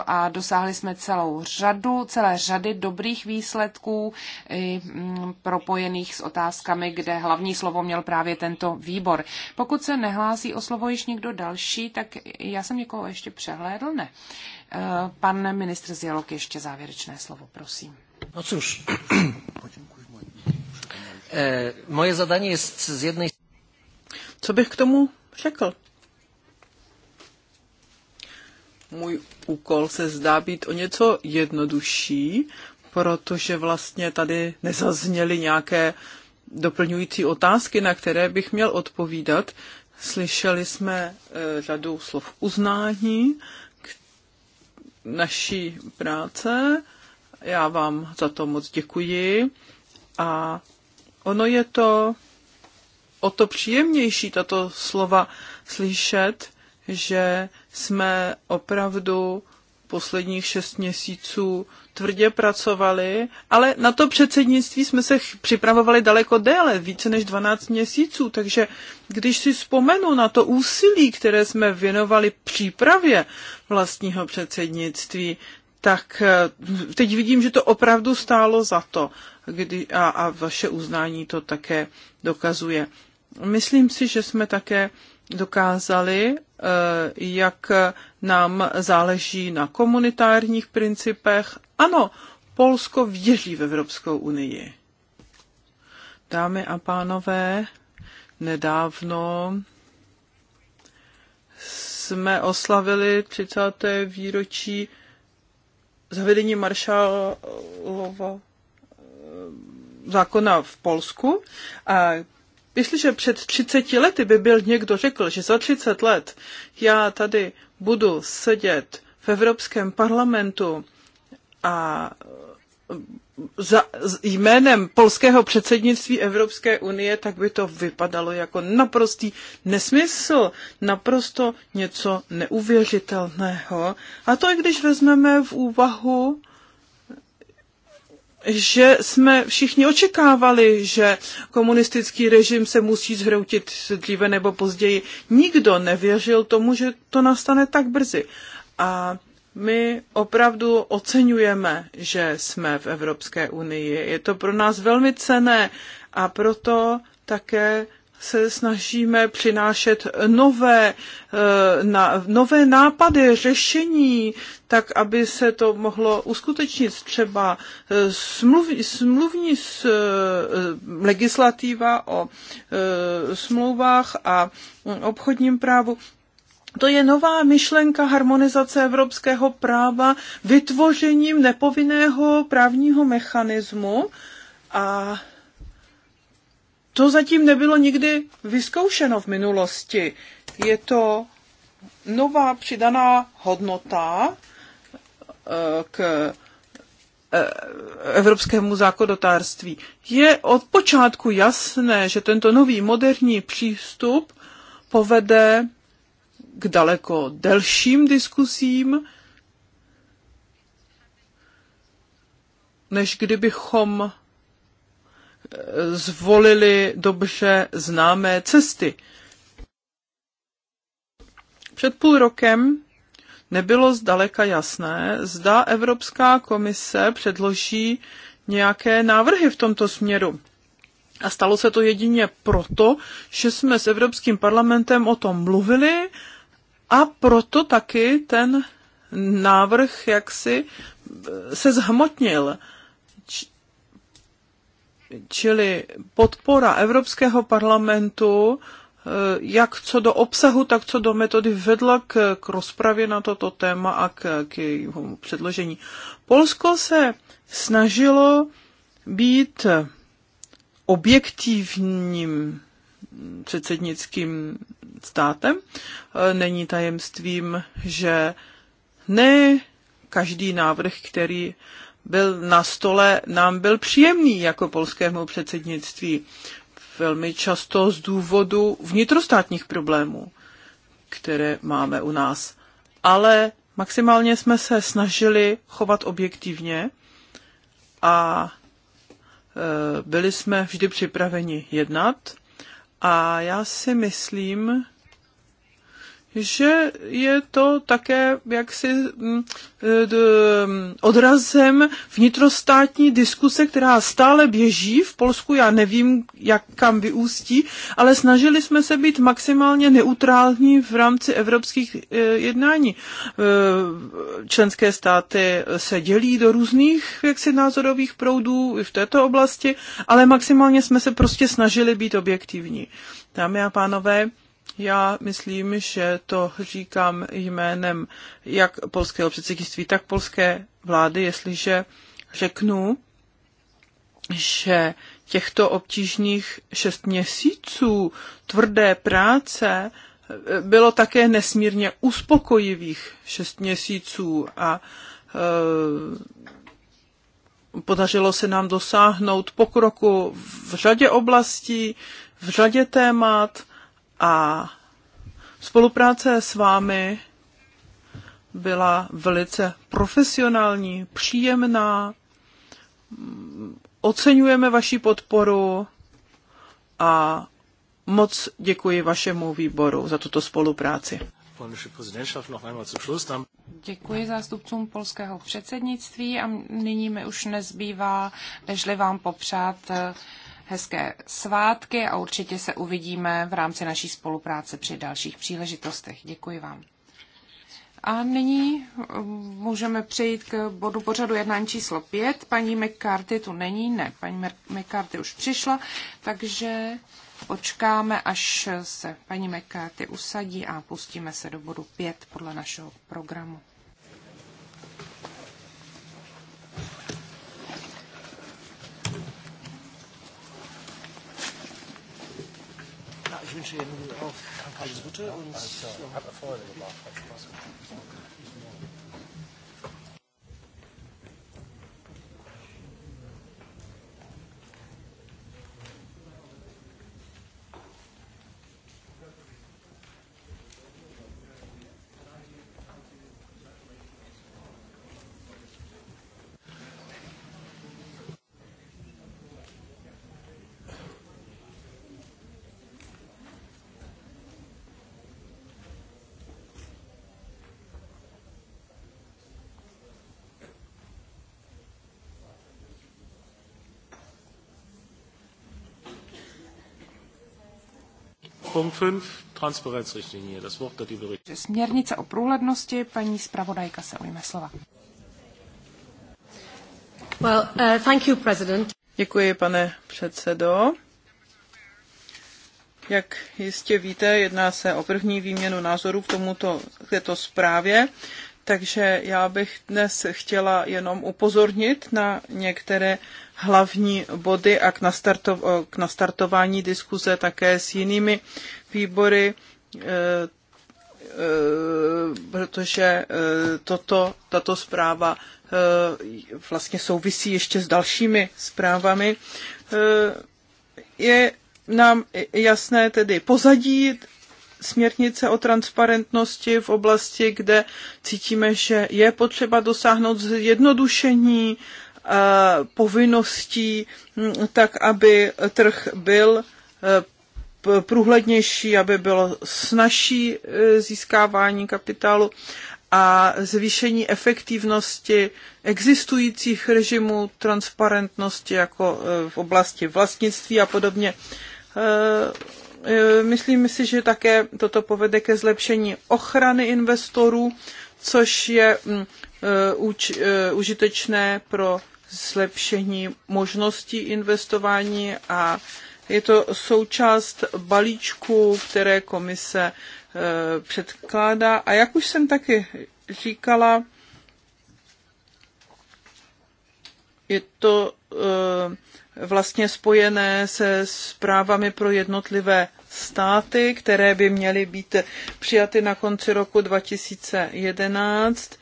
a dosáhli jsme celou řadu, celé řady dobrých výsledků mm, propojených s otázkami, kde hlavní slovo měl právě tento výbor. Pokud se nehlásí o slovo již někdo další, tak já jsem někoho ještě přehlédl, ne. Eh, pan ministr Zjalok ještě závěrečné slovo, prosím. No cóż, eh, moje zadanie jest z jednej... Co bych k tomu řekl? Můj úkol se zdá být o něco jednodušší, protože vlastně tady nezazněly nějaké doplňující otázky, na které bych měl odpovídat. Slyšeli jsme eh, řadu slov uznání, naší práce. Já vám za to moc děkuji. A ono je to o to příjemnější tato slova slyšet, že jsme opravdu posledních šest měsíců tvrdě pracovali, ale na to předsednictví jsme se připravovali daleko déle, více než 12 měsíců, takže když si vzpomenu na to úsilí, které jsme věnovali přípravě vlastního předsednictví, tak eh, teď vidím, že to opravdu stálo za to kdy, a, a vaše uznání to také dokazuje. Myslím si, že jsme také dokázali, eh, jak nám záleží na komunitárních principech. Ano, Polsko věří v Evropskou unii. Dámy a pánové, nedávno jsme oslavili 30. výročí zavedení Maršálova eh, zákona v Polsku a Jestliže před 30 lety by byl někdo řekl, že za 30 let já tady budu sedět v Evropském parlamentu a za, jménem polského předsednictví Evropské unie, tak by to vypadalo jako naprostý nesmysl, naprosto něco neuvěřitelného. A to i když vezmeme v úvahu, že jsme všichni očekávali, že komunistický režim se musí zhroutit dříve nebo později. Nikdo nevěřil tomu, že to nastane tak brzy. A my opravdu oceňujeme, že jsme v Evropské unii. Je to pro nás velmi cené a proto také se snažíme přinášet nové, eh, nové nápady, řešení, tak aby se to mohlo uskutečnit. Třeba eh, smluv, smluvní s, eh, legislativa o smlouvách a obchodním právu. To je nová myšlenka harmonizace evropského práva vytvořením nepovinného právního mechanismu a to zatím nebylo nikdy vyzkoušeno v minulosti. Je to nová přidaná hodnota eh, k eh, evropskému zákonodárství. Je od počátku jasné, že tento nový moderní přístup povede k daleko delším diskusím, než kdybychom eh, zvolili dobře známé cesty. Před půl rokem nebylo zdaleka jasné, zda Evropská komise předloží nějaké návrhy v tomto směru. A stalo se to jedině proto, že jsme s Evropským parlamentem o tom mluvili a proto taky ten návrh jaksi eh, se zhmotnil. Čili podpora Evropského parlamentu, eh, jak co do obsahu, tak co do metody, vedla k, k rozpravě na toto téma a k, k jeho předložení. Polsko se snažilo být objektivním předsednickým státem. Není tajemstvím, že ne každý návrh, který byl na stole, nám byl příjemný jako polskému předsednictví. Velmi často z důvodu vnitrostátních problémů, které máme u nás. Ale maximálně jsme se snažili chovat objektivně a e, byli jsme vždy připraveni jednat a já si myslím, že je to také jaksi mm, e, odrazem vnitrostátní diskuse, která stále běží v Polsku, já nevím, jak kam vyústí, ale snažili jsme se být maximálně neutrální v rámci evropských e, jednání. E, členské státy se dělí do různých jaksi názorových proudů v této oblasti, ale maximálně jsme se prostě snažili být objektivní. Dámy a pánové, já myslím, že to říkám jménem jak polského předsednictví, tak polské vlády, jestliže řeknu, že těchto obtížných šest měsíců tvrdé práce bylo také nesmírně uspokojivých šest měsíců a e, podařilo se nám dosáhnout pokroku v řadě oblastí, v řadě témat a spolupráce s vámi byla velice profesionální, příjemná. Oceňujeme vaši podporu a moc děkuji vašemu výboru za tuto spolupráci. Děkuji zástupcům polského předsednictví a nyní mi už nezbývá, nežli vám popřát eh, hezké svátky a určitě se uvidíme v rámci naší spolupráce při dalších příležitostech. Děkuji vám. A nyní eh, můžeme přejít k bodu pořadu jednání číslo 5. Paní McCarthy tu není, ne, paní McCarthy už přišla, takže počkáme, až se paní McCarthy usadí a pustíme se do bodu 5 podle našeho programu. Ich wünsche Ihnen auch alles Gute und. Ja, hat gemacht. Hat Spaß gemacht. Punkt 5, Transparenzrichtlinie. Das Wort hat Směrnice o průhlednosti, paní zpravodajka se ujme slova. Well, uh, thank you, President. Děkuji, pane předsedo. Jak jistě víte, jedná se o první výměnu názorů k tomuto, k této zprávě. Takže já bych dnes chtěla jenom upozornit na některé hlavní body a k, nastarto, k nastartování diskuze také s jinými výbory, e, e, protože e, toto, tato zpráva vlastně souvisí ještě s dalšími zprávami. Je nám jasné tedy pozadí směrnice o transparentnosti v oblasti, kde cítíme, že je potřeba dosáhnout zjednodušení eh, povinností, mm, tak aby trh byl eh, průhlednější, aby bylo snažší eh, získávání kapitálu a zvýšení efektivnosti existujících režimů transparentnosti jako v oblasti vlastnictví a podobně. E, myslím si, že také toto povede ke zlepšení ochrany investorů, což je uč, mm, e, e, užitečné pro zlepšení možností investování a je to součást balíčku, které komise předkládá. A jak už jsem taky říkala, je to vlastně spojené se zprávami pro jednotlivé státy, které by měly být přijaty na konci roku 2011 eh,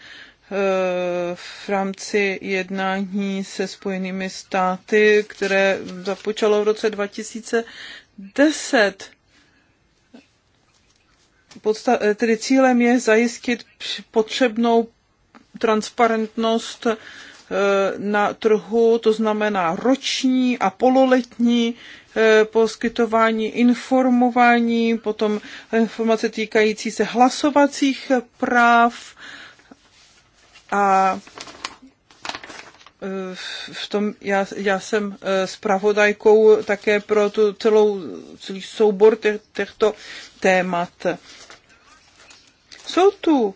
v rámci jednání se spojenými státy, které započalo v roce 2010. Podsta- eh, tedy cílem je zajistit potřebnou transparentnost Eh, na trhu, to znamená roční a pololetní eh, poskytování informování, potom informace týkající se hlasovacích práv a eh, v tom, já, já jsem zpravodajkou také pro tu celou, celý soubor těchto témat. Jsou tu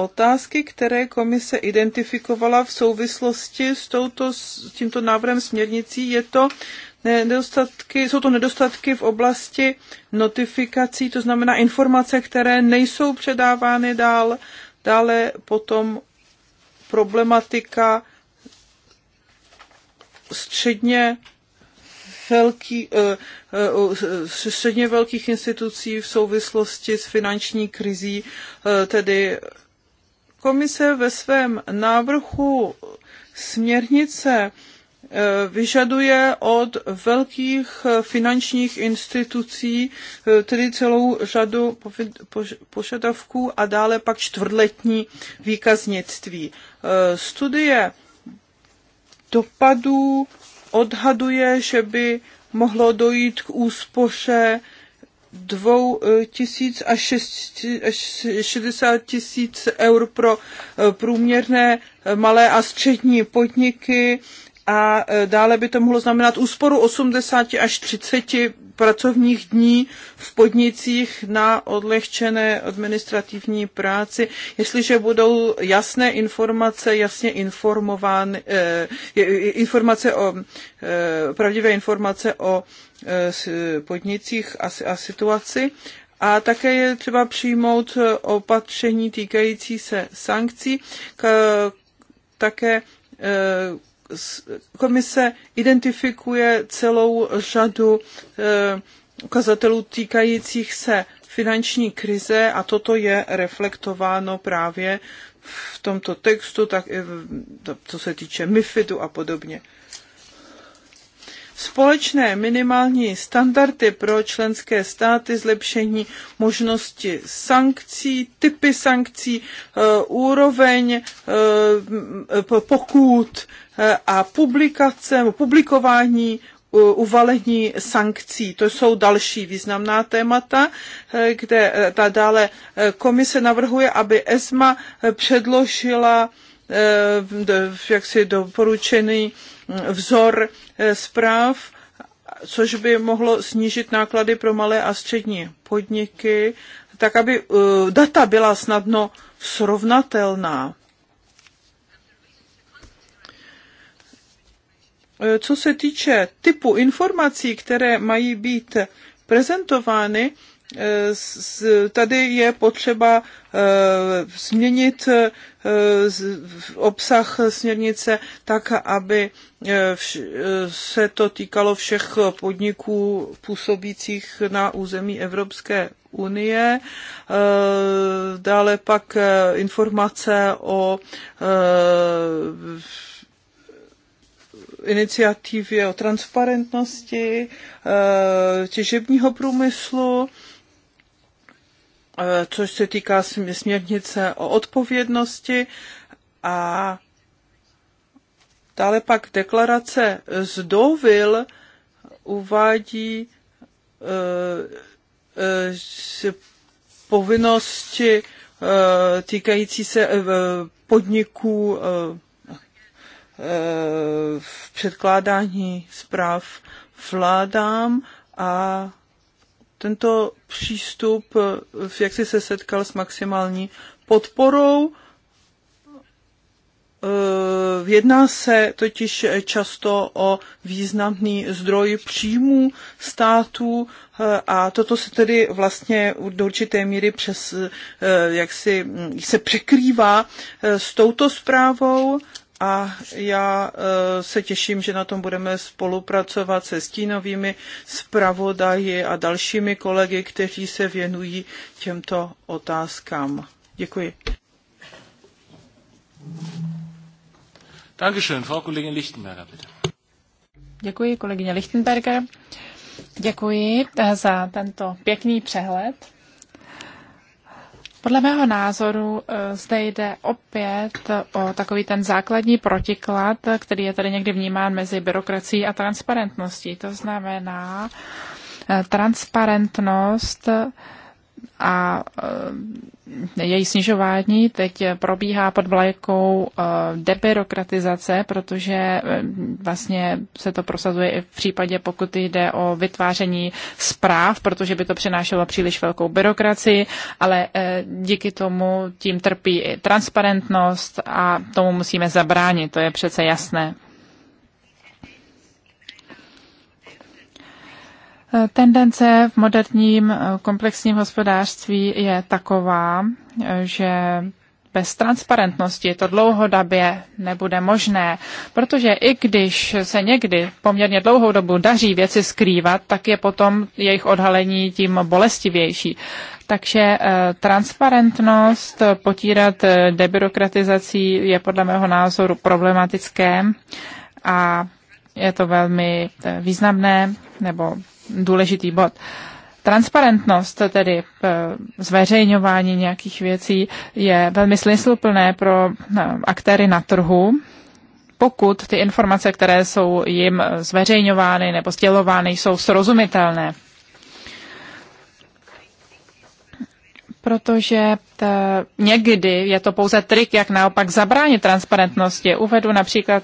otázky, které komise identifikovala v souvislosti s, touto, s tímto návrhem směrnicí, je to nedostatky, jsou to nedostatky v oblasti notifikací, to znamená informace, které nejsou předávány dál, dále potom problematika středně velký, eh, eh, středně velkých institucí v souvislosti s finanční krizí, eh, tedy Komise ve svém návrhu směrnice eh, vyžaduje od velkých eh, finančních institucí eh, tedy celou řadu požadavků a dále pak čtvrtletní výkaznictví. Studie dopadů odhaduje, že by mohlo dojít k úspoře dvou e, tisíc až, e, šedesát až 60 tisíc eur pro e, průměrné malé a střední podniky a dále by to mohlo znamenat úsporu 80 až 30 pracovních dní v podnicích na odlehčené administrativní práci, jestliže budou jasné informace, jasně informovány, eh, informace o, eh, pravdivé informace o eh, podnicích a situaci. A také je třeba přijmout opatření týkající se sankcí, k, také komise identifikuje celou řadu eh, ukazatelů týkajících se finanční krize a toto je reflektováno právě v tomto textu, tak i co se týče MIFIDu a podobně. Společné minimální standardy pro členské státy, zlepšení možnosti sankcí, typy sankcí, eh, úroveň eh, pokut, a publikace, publikování uvalení sankcí. To jsou další významná témata, eh, kde eh, ta dále eh, komise navrhuje, aby ESMA předložila jaksi doporučený hm, vzor zpráv, což by mohlo snížit náklady pro malé a střední podniky, tak aby data byla snadno srovnatelná. Eh, co se týče typu informací, které mají být prezentovány, eh, tady je potřeba eh, změnit obsah směrnice tak, aby se to týkalo všech podniků působících na území Evropské unie. Dále pak informace o iniciativě o transparentnosti eh, těžebního průmyslu, eh, což se týká směrnice o odpovědnosti a dále pak deklarace z Dovil uvádí eh, povinnosti týkající se podniků v předkládání zpráv vládám a tento přístup, jak si se setkal s maximální podporou, eh, Jedná se totiž často o významný zdroj příjmů států eh, a toto se tedy vlastně do určité míry přes, eh, jak si, se překrývá s touto zprávou a já eh, se těším, že na tom budeme spolupracovat se stínovými zpravodaji a dalšími kolegy, kteří se věnují těmto otázkám. Děkuji. Dankeschön, Frau Kollegin Lichtenberger, bitte. Děkuji, kolegyně Lichtenberger. Děkuji eh, za tento pěkný přehled. Podle mého názoru eh, zde jde opět o takový ten základní protiklad, který je tady někdy vnímán mezi byrokracií a transparentností. To znamená, eh, transparentnost a eh, její snižování teď probíhá pod vlajkou eh, debirokratizace, protože eh, vlastně se to prosazuje i v případě, pokud jde o vytváření zpráv, protože by to přinášelo příliš velkou byrokracii, ale díky tomu tím trpí i transparentnost a tomu musíme zabránit, to je přece jasné. Tendence v moderním eh, komplexním hospodářství je taková, eh, že bez transparentnosti to dlouhodobě nebude možné, protože i když se někdy poměrně dlouhou dobu daří věci skrývat, tak je potom jejich odhalení tím bolestivější. Takže eh, transparentnost potírat debirokratizací je podle mého názoru problematické a je to velmi významné nebo důležitý bod. Transparentnost, tedy eh, zveřejňování nějakých věcí, je velmi smysluplné pro eh, aktéry na trhu, pokud ty informace, které jsou jim eh, zveřejňovány nebo sdělovány, jsou srozumitelné. protože t, někdy je to pouze trik, jak naopak zabránit transparentnosti. Uvedu například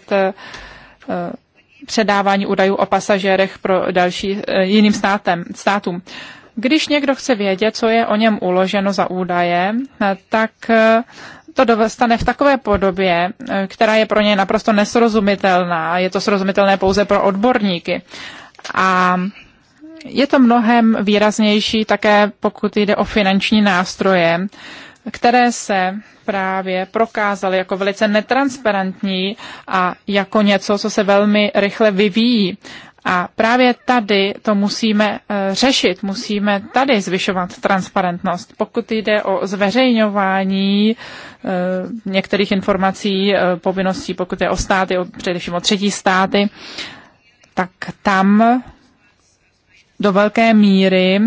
předávání údajů o pasažérech pro další eh, jiným státem, státům. Když někdo chce vědět, co je o něm uloženo za údaje, eh, tak eh, to dostane v takové podobě, která je pro ně naprosto nesrozumitelná. Je to srozumitelné pouze pro odborníky. A je to mnohem výraznější také, pokud jde o finanční nástroje, které se právě prokázaly jako velice netransparentní a jako něco, co se velmi rychle vyvíjí. A právě tady to musíme eh, řešit, musíme tady zvyšovat transparentnost. Pokud jde o zveřejňování eh, některých informací, eh, povinností, pokud je o státy, o, především o třetí státy, tak tam do velké míry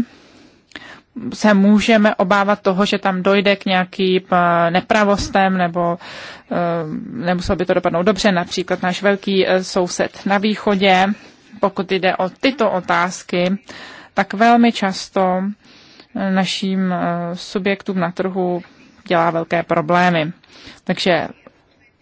se můžeme obávat toho, že tam dojde k nějakým eh, nepravostem nebo eh, nemuselo by to dopadnout dobře, například náš velký eh, soused na východě, pokud jde o tyto otázky, tak velmi často naším subjektům na trhu dělá velké problémy. Takže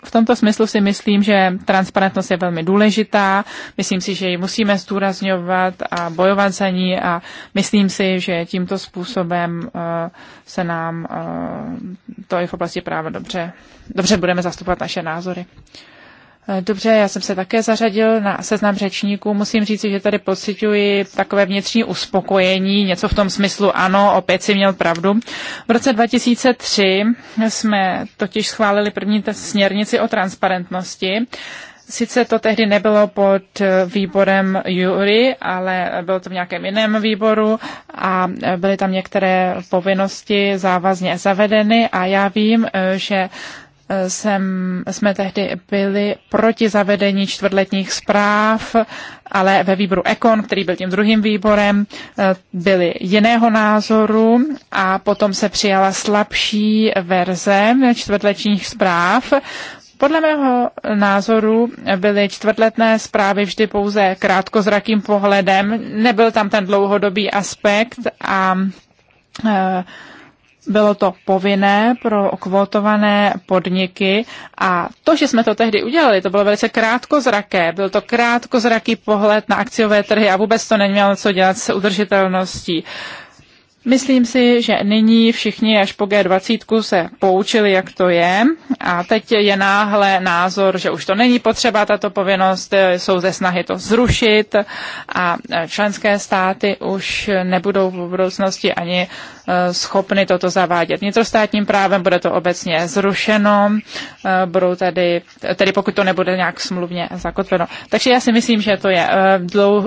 v tomto smyslu si myslím, že transparentnost je velmi důležitá. Myslím si, že ji musíme zdůrazňovat a bojovat za ní a myslím si, že tímto způsobem eh, se nám eh, to i v oblasti práva dobře, dobře budeme zastupovat naše názory. Eh, dobře, já jsem se také zařadil na seznam řečníků. Musím říct, že tady pocituji takové vnitřní uspokojení, něco v tom smyslu, ano, opět si měl pravdu. V roce 2003 jsme totiž schválili první směrnici o transparentnosti. Sice to tehdy nebylo pod eh, výborem jury, ale bylo to v nějakém jiném výboru a eh, byly tam některé povinnosti závazně zavedeny a já vím, že jsem, jsme tehdy byli proti zavedení čtvrtletních zpráv, ale ve výboru Ekon, který byl tím druhým výborem, eh, byli jiného názoru a potom se přijala slabší verze čtvrtletních zpráv. Podle mého názoru byly čtvrtletné zprávy vždy pouze krátkozrakým pohledem, nebyl tam ten dlouhodobý aspekt a e, bylo to povinné pro kvotované podniky a to, že jsme to tehdy udělali, to bylo velice krátkozraké. Byl to krátkozraký pohled na akciové trhy a vůbec to nemělo co dělat s udržitelností. Myslím si, že nyní všichni až po G20 se poučili, jak to je a teď je náhle názor, že už to není potřeba, tato povinnost, e, jsou ze snahy to zrušit a e, členské státy už nebudou v budoucnosti ani schopny toto zavádět vnitrostátním právem, bude to obecně zrušeno, eh, budou tady, tedy pokud to nebude nějak smluvně zakotveno. Takže já si myslím, že to je eh, dlou,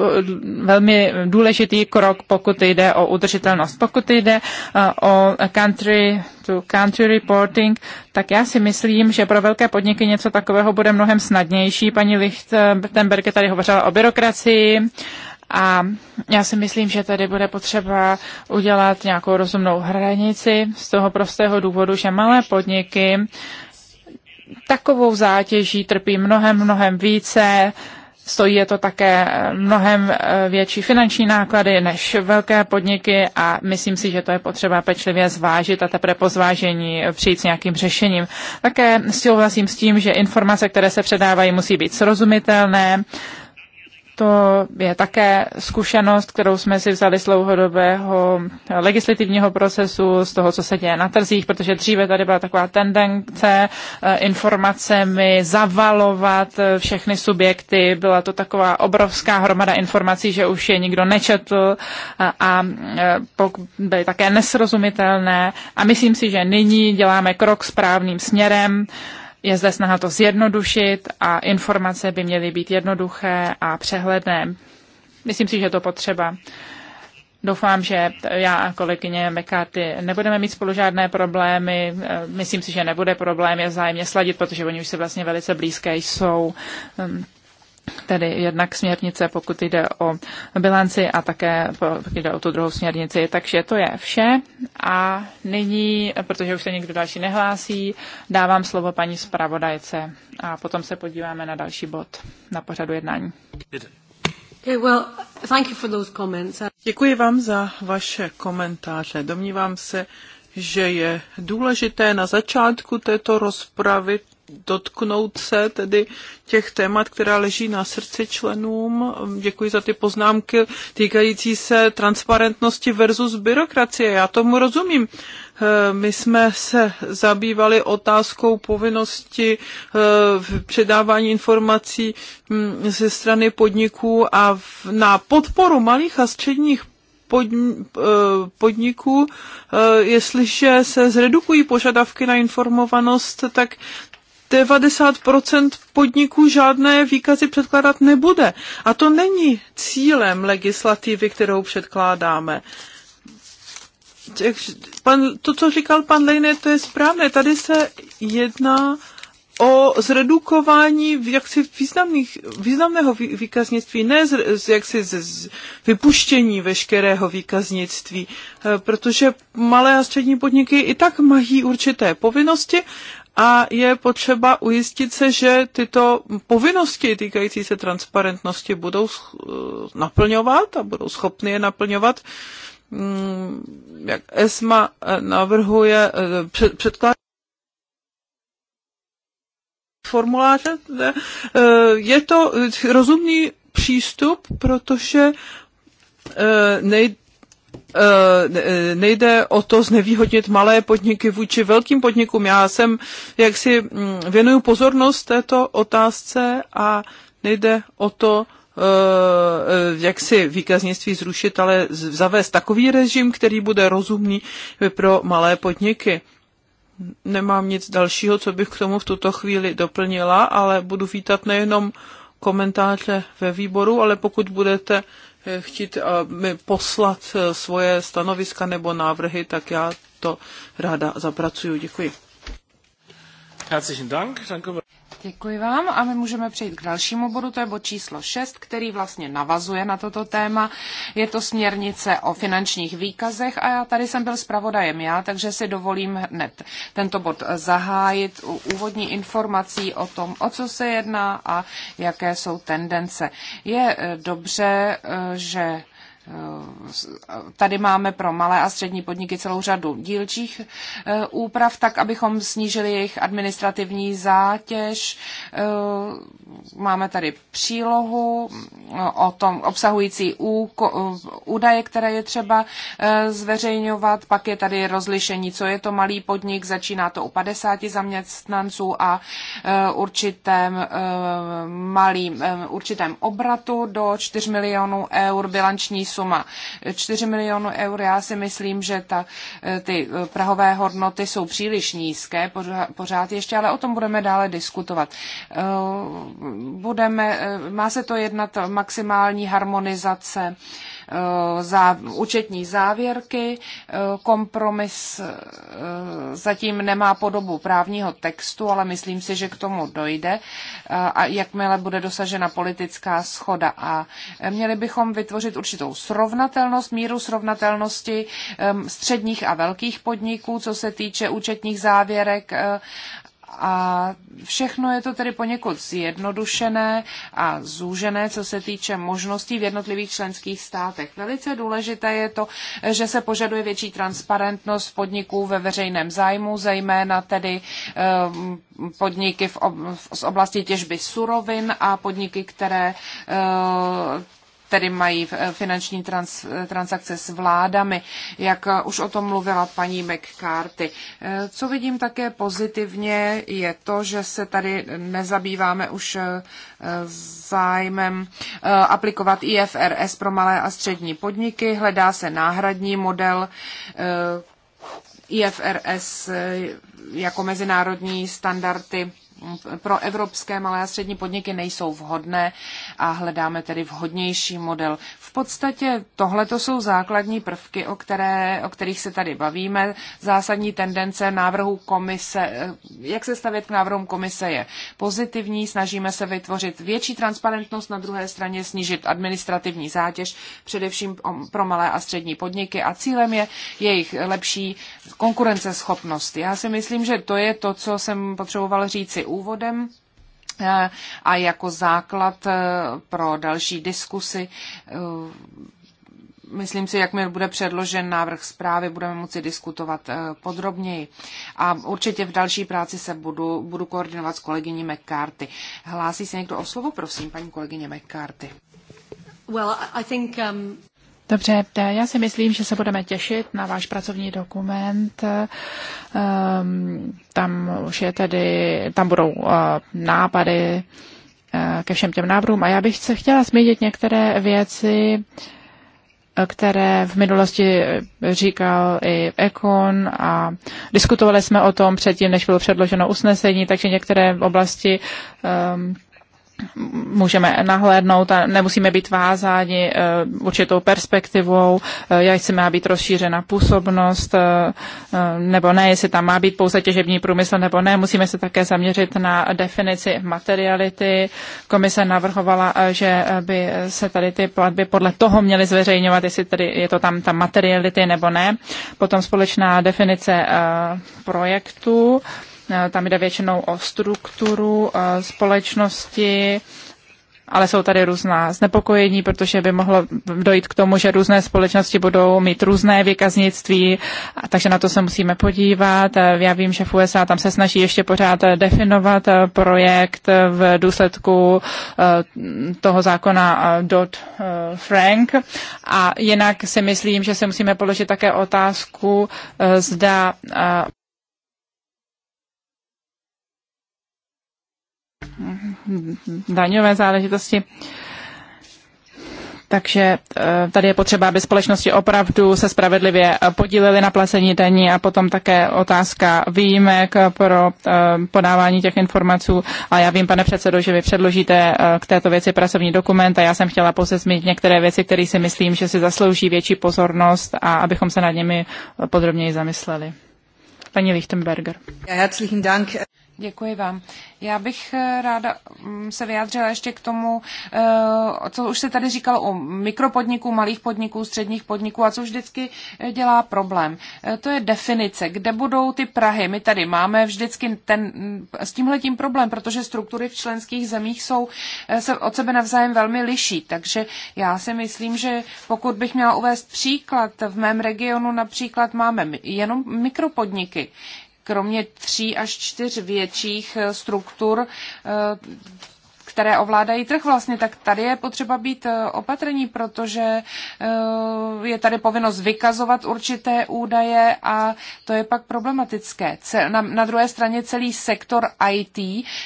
velmi důležitý krok, pokud jde o udržitelnost. Pokud jde eh, o country to country reporting, tak já si myslím, že pro velké podniky něco takového bude mnohem snadnější. Paní Lichtenberg tady hovořila o byrokracii, a já si myslím, že tady bude potřeba udělat nějakou rozumnou hranici z toho prostého důvodu, že malé podniky takovou zátěží trpí mnohem, mnohem více, stojí je to také mnohem eh, větší finanční náklady než velké podniky a myslím si, že to je potřeba pečlivě zvážit a teprve po zvážení přijít s nějakým řešením. Také souhlasím s tím, že informace, které se předávají, musí být srozumitelné to je také zkušenost, kterou jsme si vzali z dlouhodobého eh, legislativního procesu, z toho, co se děje na trzích, protože dříve tady byla taková tendence eh, informacemi zavalovat eh, všechny subjekty. Byla to taková obrovská hromada informací, že už je nikdo nečetl a byly také nesrozumitelné. A myslím si, že nyní děláme krok správným směrem je zde snaha to zjednodušit a informace by měly být jednoduché a přehledné. Myslím si, že je to potřeba. Doufám, že já a kolegyně McCarthy nebudeme mít spolu žádné problémy. Myslím si, že nebude problém je vzájemně sladit, protože oni už se vlastně velice blízké jsou tedy jednak směrnice, pokud jde o bilanci a také pokud jde o tu druhou směrnici. Takže to je vše. A nyní, protože už se někdo další nehlásí, dávám slovo paní zpravodajce a potom se podíváme na další bod na pořadu jednání. Děkuji vám za vaše komentáře. Domnívám se, že je důležité na začátku této rozpravy dotknout se tedy těch témat, která leží na srdci členům. Děkuji za ty poznámky týkající se transparentnosti versus byrokracie. Já tomu rozumím. Eh, my jsme se zabývali otázkou povinnosti eh, v předávání informací hm, ze strany podniků a na podporu malých a středních eh, podniků, jestliže se zredukují požadavky na informovanost, tak 90% podniků žádné výkazy předkládat nebude. A to není cílem legislativy, kterou předkládáme. Pan, to, co říkal pan Lejne, to je správné. Tady se jedná o zredukování jaksi významných, významného výkaznictví, ne z, jaksi z, z vypuštění veškerého výkaznictví, eh, protože malé a střední podniky i tak mají určité povinnosti a je potřeba ujistit se, že tyto povinnosti týkající se transparentnosti budou eh, naplňovat a budou schopny je naplňovat. Mm, jak ESMA eh, navrhuje eh, předklad formuláře, je to rozumný přístup, protože Eh, eh, nejde o to znevýhodnit malé podniky vůči velkým podnikům. Já jsem, jak si mm, věnuju pozornost této otázce a nejde o to, eh, jak si výkaznictví zrušit, ale zavést takový režim, který bude rozumný pro malé podniky. Nemám nic dalšího, co bych k tomu v tuto chvíli doplnila, ale budu vítat nejenom komentáře ve výboru, ale pokud budete Eh, chtít mi poslat eh, svoje stanoviska nebo návrhy, tak já to ráda zapracuju. Děkuji. Herzlichen Dank. Děkuji vám a my můžeme přejít k dalšímu bodu, to je bod číslo 6, který vlastně navazuje na toto téma. Je to směrnice o finančních výkazech a já tady jsem byl zpravodajem já, takže si dovolím hned tento bod zahájit u úvodní informací o tom, o co se jedná a jaké jsou tendence. Je eh, dobře, eh, že Eh, tady máme pro malé a střední podniky celou řadu dílčích eh, úprav, tak abychom snížili jejich administrativní zátěž. Eh, máme tady přílohu o tom obsahující údaje, které je třeba zveřejňovat. Pak je tady rozlišení, co je to malý podnik. Začíná to u 50 zaměstnanců a určitém malým, určitém obratu do 4 milionů eur bilanční suma 4 milionů eur. Já si myslím, že ta, eh, ty eh, prahové hodnoty jsou příliš nízké pořád ještě, ale o tom budeme dále diskutovat. Eh, budeme, má se to jednat maximální harmonizace Eh, účetní závěrky. Eh, kompromis eh, zatím nemá podobu právního textu, ale myslím si, že k tomu dojde a jakmile bude dosažena politická schoda. A měli bychom vytvořit určitou srovnatelnost, míru srovnatelnosti středních a velkých podniků, co se týče účetních závěrek a všechno je to tedy poněkud zjednodušené a zúžené, co se týče možností v jednotlivých členských státech. Velice důležité je to, že se požaduje větší transparentnost podniků ve veřejném zájmu, zejména tedy eh, podniky v, z oblasti těžby surovin a podniky, které eh, tedy mají eh, finanční trans, eh, transakce s vládami, jak eh, už o tom mluvila paní McCarthy. Co vidím také pozitivně, je to, že se tady nezabýváme už zájmem aplikovat IFRS pro malé a střední podniky. Hledá se náhradní model IFRS jako mezinárodní standardy pro evropské malé a střední podniky nejsou vhodné a hledáme tedy vhodnější model. V podstatě tohle to jsou základní prvky, o, které, o kterých se tady bavíme. Zásadní tendence návrhu komise, eh, jak se stavět k návrhům komise je pozitivní. Snažíme se vytvořit větší transparentnost, na druhé straně snížit administrativní zátěž, především pro malé a střední podniky a cílem je jejich lepší konkurenceschopnost. Já si myslím, že to je to, co jsem potřeboval říci úvodem a jako základ eh, pro další diskusy eh, myslím si, jak mi bude předložen návrh zprávy, budeme moci diskutovat eh, podrobněji. A určitě v další práci se budu, budu koordinovat s kolegyní McCarthy. Hlásí se někdo o slovo, prosím, paní kolegyně McCarthy. Well, I think, um... Dobře, eh, já si myslím, že se budeme těšit na váš pracovní dokument. Ehm, tam už je tedy, tam budou eh, nápady eh, ke všem těm návrhům. A já bych se chtěla zmínit některé věci, které v minulosti říkal i Ekon a diskutovali jsme o tom předtím, než bylo předloženo usnesení, takže některé oblasti um, můžeme nahlédnout a nemusíme být vázáni eh, určitou perspektivou, eh, jak se má být rozšířena působnost, eh, nebo ne, jestli tam má být pouze těžební průmysl, nebo ne. Musíme se také zaměřit na definici materiality. Komise navrhovala, že by se tady ty platby podle toho měly zveřejňovat, jestli tady je to tam ta materiality nebo ne. Potom společná definice projektu Eh, tam jde většinou o strukturu eh, společnosti, ale jsou tady různá znepokojení, protože by mohlo dojít k tomu, že různé společnosti budou mít různé vykaznictví, takže na to se musíme podívat. Eh, já vím, že v USA tam se snaží ještě pořád definovat projekt v důsledku toho zákona Dot Frank. A jinak si myslím, že se musíme položit také otázku, zda daňové záležitosti. Takže eh, tady je potřeba, aby společnosti opravdu se spravedlivě podílely na placení daní a potom také otázka výjimek pro eh, podávání těch informací. A já vím, pane předsedo, že vy předložíte eh, k této věci pracovní dokument a já jsem chtěla pouze zmínit některé věci, které si myslím, že si zaslouží větší pozornost a abychom se nad nimi podrobněji zamysleli. Paní Lichtenberger. Herzlichen Dank. Děkuji vám. Já bych eh, ráda mm, se vyjádřila ještě k tomu, eh, co už se tady říkalo o mikropodniků, malých podniků, středních podniků a co už vždycky eh, dělá problém. To je definice, kde budou ty Prahy. My tady máme vždycky ten, mm, s tímhletím problém, protože struktury v členských zemích jsou, se od sebe navzájem velmi liší. Takže já si myslím, že pokud bych měla uvést příklad, v mém regionu například máme jenom mikropodniky, kromě tří až čtyř větších eh, struktur eh, které ovládají trh vlastně, tak tady je potřeba být eh, opatrní, protože eh, je tady povinnost vykazovat určité údaje a to je pak problematické. Na druhé straně celý sektor IT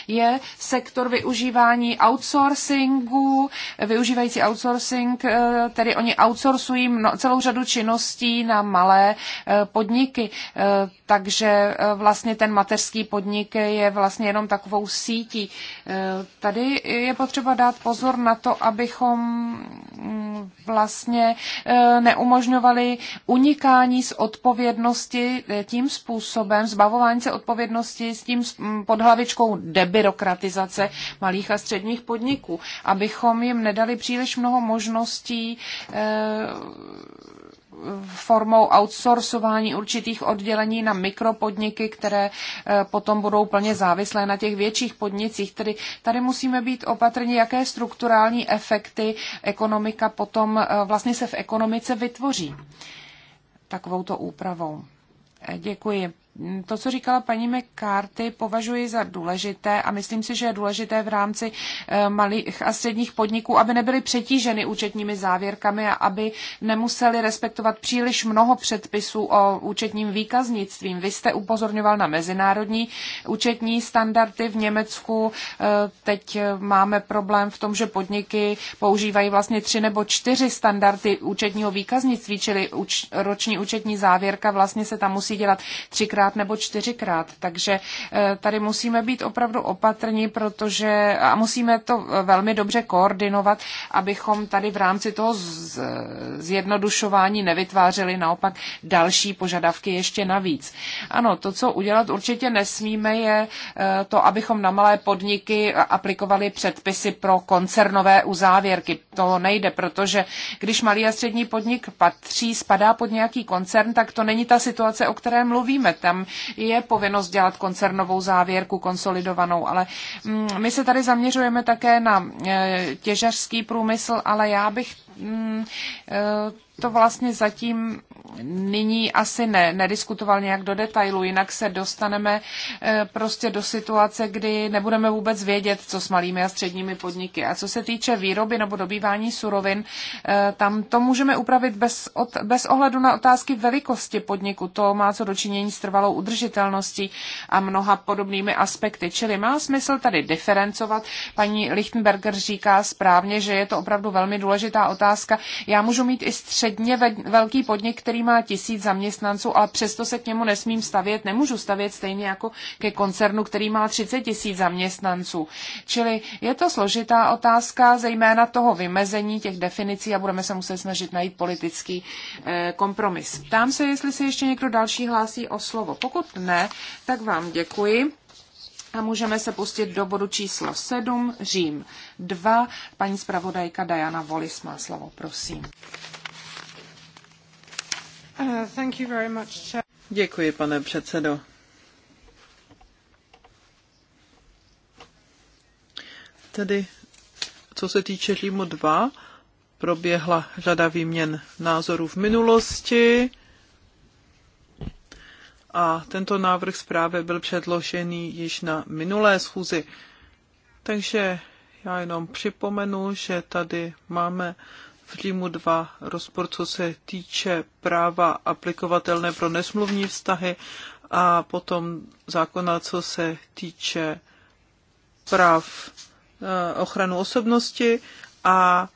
je sektor využívání outsourcingu, využívající outsourcing, eh, tedy oni outsourcují celou řadu činností na malé podniky, takže vlastně ten mateřský podnik je vlastně jenom takovou sítí. Tady je potřeba dát pozor na to, abychom mm, vlastně e, neumožňovali unikání z odpovědnosti e, tím způsobem, zbavování se odpovědnosti s tím mm, pod hlavičkou debirokratizace malých a středních podniků, abychom jim nedali příliš mnoho možností e, formou outsourcování určitých oddělení na mikropodniky, které eh, potom budou plně závislé na těch větších podnicích. Tedy tady musíme být opatrní, jaké strukturální efekty ekonomika potom eh, vlastně se v ekonomice vytvoří takovouto úpravou. Eh, děkuji to, co říkala paní McCarthy, považuji za důležité a myslím si, že je důležité v rámci eh, malých a středních podniků, aby nebyly přetíženy účetními závěrkami a aby nemuseli respektovat příliš mnoho předpisů o účetním výkaznictví. Vy jste upozorňoval na mezinárodní účetní standardy v Německu. Eh, teď eh, máme problém v tom, že podniky používají vlastně tři nebo čtyři standardy účetního výkaznictví, čili roční účetní závěrka vlastně se tam musí dělat třikrát třikrát nebo čtyřikrát. Takže eh, tady musíme být opravdu opatrní, protože a musíme to eh, velmi dobře koordinovat, abychom tady v rámci toho zjednodušování nevytvářeli naopak další požadavky ještě navíc. Ano, to, co udělat určitě nesmíme, je eh, to, abychom na malé podniky aplikovali předpisy pro koncernové uzávěrky. To nejde, protože když malý a střední podnik patří, spadá pod nějaký koncern, tak to není ta situace, o které mluvíme. Tam tam je povinnost dělat koncernovou závěrku konsolidovanou, ale mm, my se tady zaměřujeme také na eh, těžařský průmysl, ale já bych Mm, e, to vlastně zatím nyní asi ne, nediskutoval nějak do detailu, jinak se dostaneme e, prostě do situace, kdy nebudeme vůbec vědět, co s malými a středními podniky. A co se týče výroby nebo dobývání surovin, e, tam to můžeme upravit bez, od, bez ohledu na otázky velikosti podniku. To má co dočinění s trvalou udržitelností a mnoha podobnými aspekty. Čili má smysl tady diferencovat. Paní Lichtenberger říká správně, že je to opravdu velmi důležitá otázka otázka. Já můžu mít i středně velký podnik, který má tisíc zaměstnanců, ale přesto se k němu nesmím stavět, nemůžu stavět stejně jako ke koncernu, který má 30 tisíc zaměstnanců. Čili je to složitá otázka, zejména toho vymezení těch definicí a budeme se muset snažit najít politický eh, kompromis. Ptám se, jestli se ještě někdo další hlásí o slovo. Pokud ne, tak vám děkuji. A můžeme se pustit do bodu číslo 7, Řím 2. Paní zpravodajka Diana Volis má slovo, prosím. Uh, Děkuji, pane předsedo. Tedy, co se týče Římu 2, proběhla řada výměn názorů v minulosti a tento návrh zprávy byl předložený již na minulé schůzi. Takže já jenom připomenu, že tady máme v Římu 2 rozpor, co se týče práva aplikovatelné pro nesmluvní vztahy a potom zákona, co se týče práv eh, ochranu osobnosti a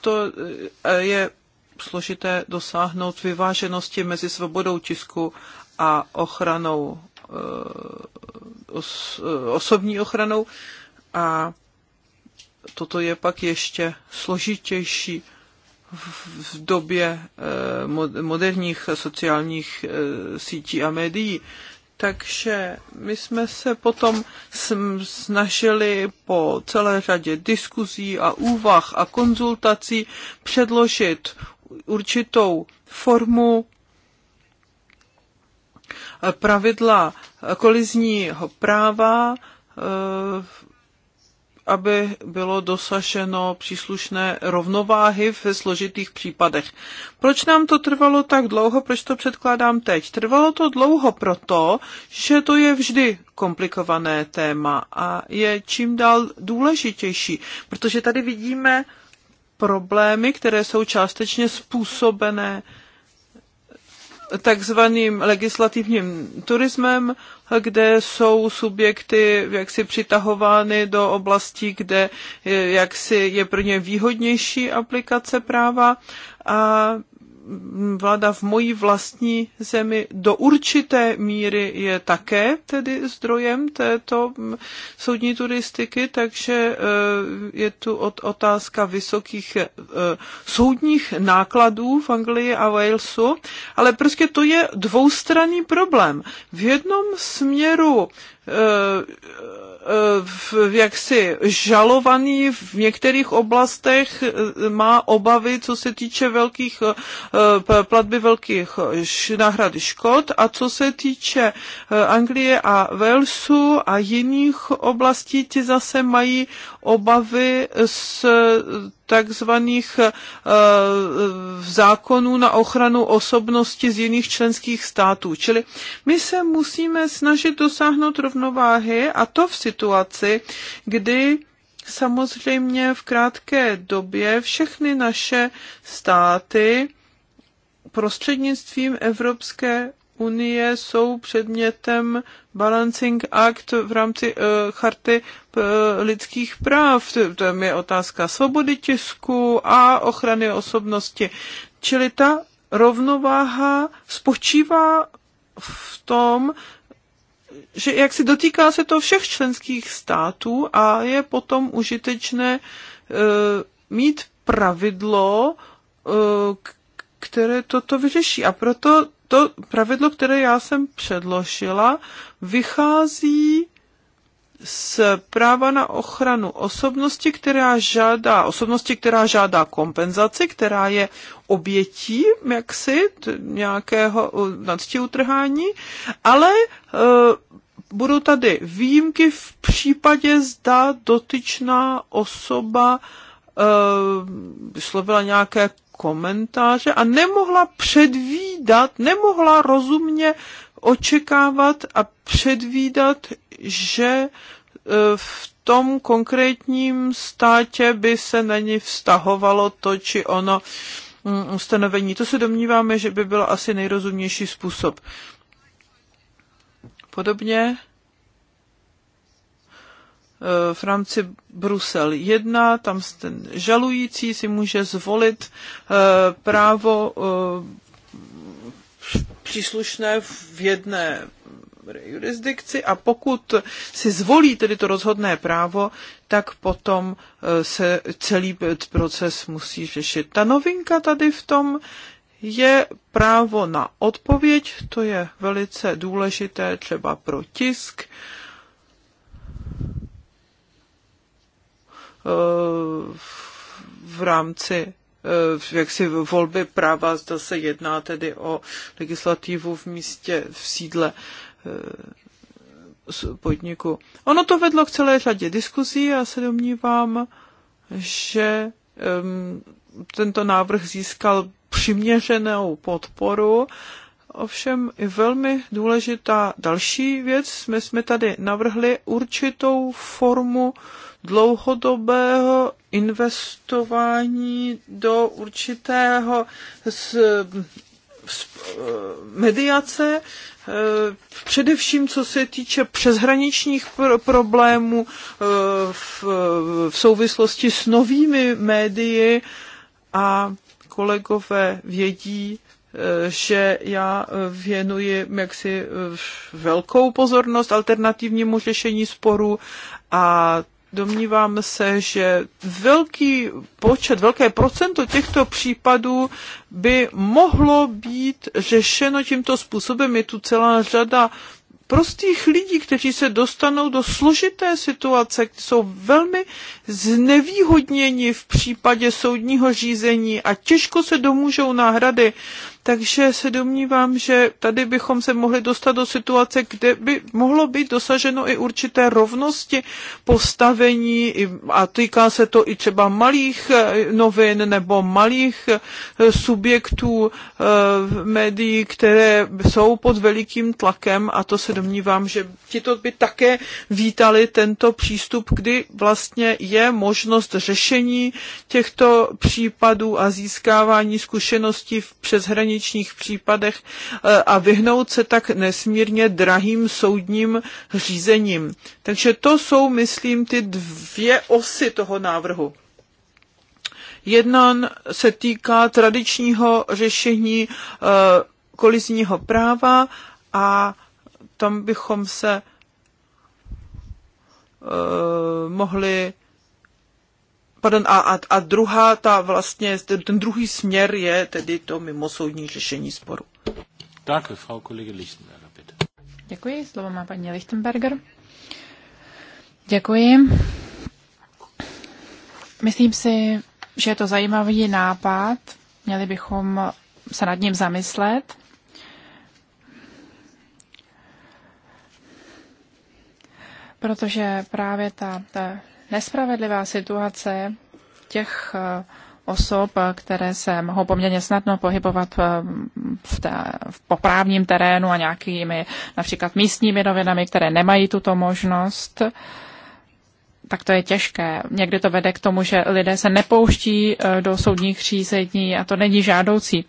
to eh, je složité dosáhnout vyváženosti mezi svobodou tisku a ochranou, eh, eh, osobní ochranou a toto je pak ještě složitější v době eh, moderních sociálních sítí a médií. Takže my jsme se potom snažili po celé řadě diskuzí a úvah a konzultací předložit určitou formu pravidla kolizního práva, eh, aby bylo dosaženo příslušné rovnováhy v složitých případech. Proč nám to trvalo tak dlouho, proč to předkládám teď? Trvalo to dlouho proto, že to je vždy komplikované téma a je čím dál důležitější, protože tady vidíme problémy, které jsou částečně způsobené takzvaným legislativním turismem, kde jsou subjekty jaksi přitahovány do oblastí, kde jaksi je pro ně výhodnější aplikace práva a vláda v mojí vlastní zemi do určité míry je také tedy zdrojem této soudní turistiky, takže eh, je tu otázka vysokých eh, soudních nákladů v Anglii a Walesu, ale prostě to je dvoustranný problém. V jednom směru eh, Eh, jaksi žalovaný v některých oblastech eh, má obavy, co se týče velkých eh, platby velkých náhrady škod a co se týče Anglie a Walesu a jiných oblastí, ti zase mají obavy s takzvaných eh, eh, zákonů na ochranu osobnosti z jiných členských států. Čili my se musíme snažit dosáhnout rovnováhy a to v situaci, kdy samozřejmě v krátké době všechny naše státy prostřednictvím Evropské unie jsou předmětem Balancing Act v rámci uh, charty uh, lidských práv. to je otázka svobody tisku a ochrany osobnosti. Čili ta rovnováha spočívá v tom, že jak si dotýká se to všech členských států a je potom užitečné uh, mít pravidlo, uh, které toto vyřeší. A proto to pravidlo, které já jsem předložila, vychází z práva na ochranu osobnosti, která žádá, osobnosti, která žádá kompenzaci, která je obětí jaksi nějakého nadstí utrhání, ale e, budou tady výjimky v případě, zda dotyčná osoba e, Eh, vyslovila nějaké komentáře a nemohla předvídat, nemohla rozumně očekávat a předvídat, že eh, v tom konkrétním státě by se na ní vztahovalo to či ono mm, ustanovení. To se domníváme, že by byl asi nejrozumnější způsob. Podobně v rámci Brusel 1, tam ten žalující si může zvolit eh, právo eh, příslušné v jedné jurisdikci a pokud si zvolí tedy to rozhodné právo, tak potom eh, se celý proces musí řešit. Ta novinka tady v tom je právo na odpověď, to je velice důležité třeba pro tisk, v rámci eh, jaksi volby práva, zda se jedná tedy o legislativu v místě, v sídle eh, podniku. Ono to vedlo k celé řadě diskuzí Já se domnívám, že ehm, tento návrh získal přiměřenou podporu. Ovšem i velmi důležitá další věc, my jsme tady navrhli určitou formu uh, dlouhodobého investování do určitého z, z, mediace, eh, především co se týče přeshraničních pr- problémů eh, v, v souvislosti s novými médii a kolegové vědí, eh, že já věnuji jaksi velkou pozornost alternativnímu řešení sporu a domnívám se, že velký počet, velké procento těchto případů by mohlo být řešeno tímto způsobem. Je tu celá řada prostých lidí, kteří se dostanou do složité situace, kteří jsou velmi znevýhodněni v případě soudního řízení a těžko se domůžou náhrady. Takže se domnívám, že tady bychom se mohli dostat do situace, kde by mohlo být dosaženo i určité rovnosti postavení a týká se to i třeba malých eh, novin nebo malých eh, subjektů v eh, médií, které jsou pod velikým tlakem a to se domnívám, že tito by také vítali tento přístup, kdy vlastně je možnost řešení těchto případů a získávání zkušeností přes hraní přeshraničních případech eh, a vyhnout se tak nesmírně drahým soudním řízením. Takže to jsou, myslím, ty dvě osy toho návrhu. Jedna se týká tradičního řešení eh, kolizního práva a tam bychom se eh, mohli pardon, a, a, a druhá, ta vlastně, ten, ten druhý směr je tedy to mimosoudní řešení sporu. Tak, Frau kolege Lichtenberger, bitte. Děkuji, slovo má paní Lichtenberger. Děkuji. Myslím si, že je to zajímavý nápad. Měli bychom se nad ním zamyslet. Protože právě ta, ta nespravedlivá situace těch eh, osob, které se mohou poměrně snadno pohybovat eh, v, té, v poprávním terénu a nějakými například místními novinami, které nemají tuto možnost, tak to je těžké. Někdy to vede k tomu, že lidé se nepouští eh, do soudních řízení a to není žádoucí.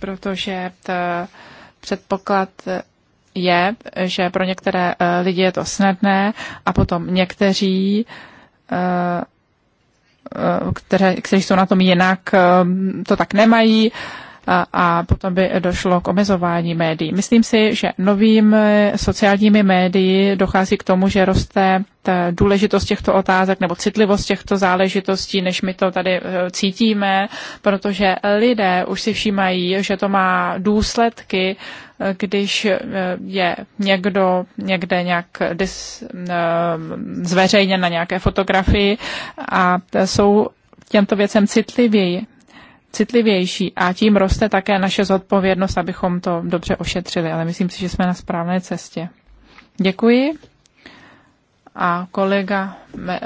Protože ta předpoklad je, že pro některé eh, lidi je to snadné a potom někteří eh, eh, které, kteří jsou na tom jinak, to tak nemají a potom by došlo k omezování médií. Myslím si, že novými eh, sociálními médii dochází k tomu, že roste ta důležitost těchto otázek nebo citlivost těchto záležitostí, než my to tady eh, cítíme, protože lidé už si všímají, že to má důsledky, eh, když je někdo někde nějak zveřejněn na nějaké fotografii a jsou těmto věcem citlivěji citlivější a tím roste také naše zodpovědnost, abychom to dobře ošetřili, ale myslím si, že jsme na správné cestě. Děkuji. A kolega,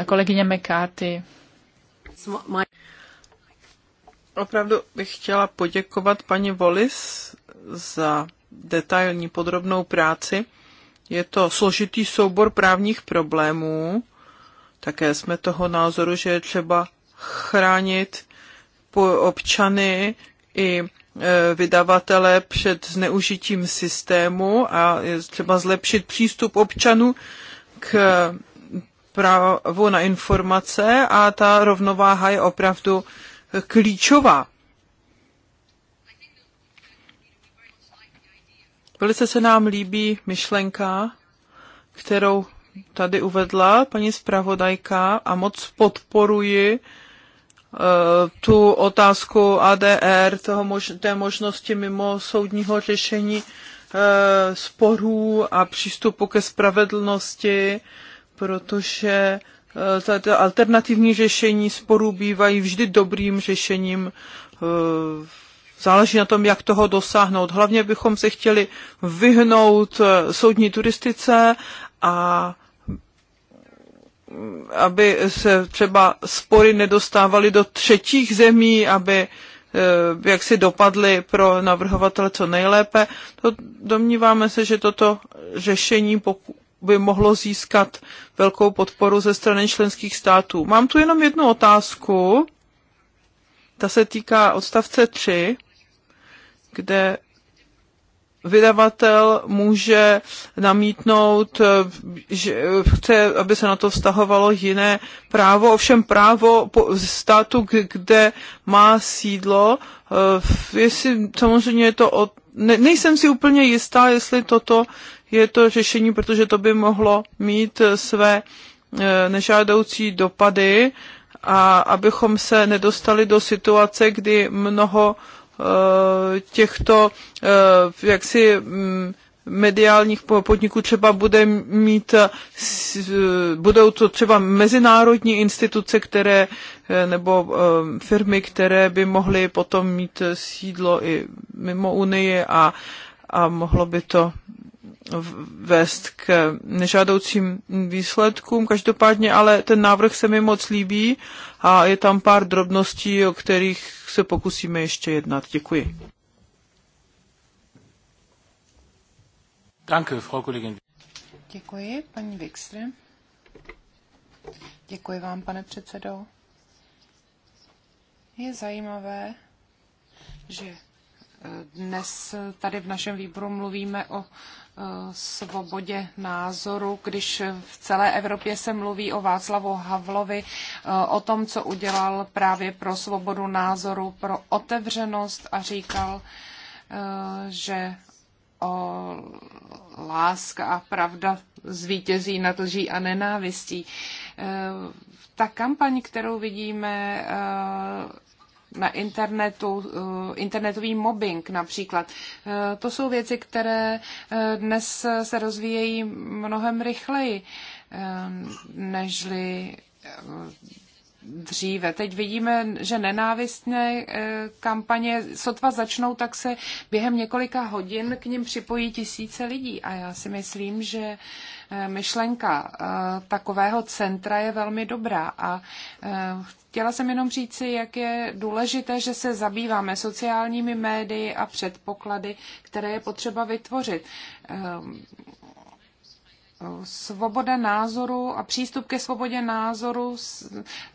kolegyně McCarthy. Opravdu bych chtěla poděkovat paní Volis za detailní podrobnou práci. Je to složitý soubor právních problémů. Také jsme toho názoru, že je třeba chránit občany i e, vydavatele před zneužitím systému a je třeba zlepšit přístup občanů k právu na informace a ta rovnováha je opravdu klíčová. Velice se nám líbí myšlenka, kterou tady uvedla paní zpravodajka a moc podporuji Eh, tu otázku ADR, toho mož, té možnosti mimo soudního řešení eh, sporů a přístupu ke spravedlnosti, protože eh, ta alternativní řešení sporů bývají vždy dobrým řešením. Záleží na tom, jak toho dosáhnout. Hlavně bychom se chtěli vyhnout soudní turistice a aby se třeba spory nedostávaly do třetích zemí, aby eh, jak si dopadly pro navrhovatele co nejlépe. To domníváme se, že toto řešení by mohlo získat velkou podporu ze strany členských států. Mám tu jenom jednu otázku. Ta se týká odstavce 3, kde vydavatel může namítnout, eh, že eh, chce, aby se na to vztahovalo jiné právo, ovšem právo státu, kde má sídlo, eh, jestli samozřejmě je to od, ne, nejsem si úplně jistá, jestli toto je to řešení, protože to by mohlo mít své nežádoucí dopady a abychom se nedostali do situace, kdy mnoho těchto eh, jaksi mm, mediálních podniků třeba bude mít, eh, budou to třeba mezinárodní instituce, které, eh, nebo firmy, které by mohly potom mít sídlo i mimo Unii a, a mohlo by to vést k nežádoucím výsledkům. Každopádně ale ten návrh se mi moc líbí a je tam pár drobností, o kterých se pokusíme ještě jednat. Děkuji. Děkuji, paní Wikström. Děkuji vám, pane předsedo. Je zajímavé, že eh, dnes tady v našem výboru mluvíme o svobodě názoru, když v celé Evropě se mluví o Václavu Havlovi, eh, o tom, co udělal právě pro svobodu názoru, pro otevřenost a říkal, eh, že o láska a pravda zvítězí nad lží a nenávistí. Eh, ta kampaň, kterou vidíme na internetu, eh, internetový mobbing například. Eh, to jsou věci, které eh, dnes se rozvíjejí mnohem rychleji, nežli dříve. Teď vidíme, že nenávistné eh, kampaně sotva začnou, tak se během několika hodin k ním připojí tisíce lidí. A já si myslím, že eh, myšlenka eh, takového centra je velmi dobrá. A chtěla jsem jenom říci, jak je důležité, že se zabýváme sociálními médii a předpoklady, které je potřeba vytvořit Svoboda názoru a přístup ke svobodě názoru,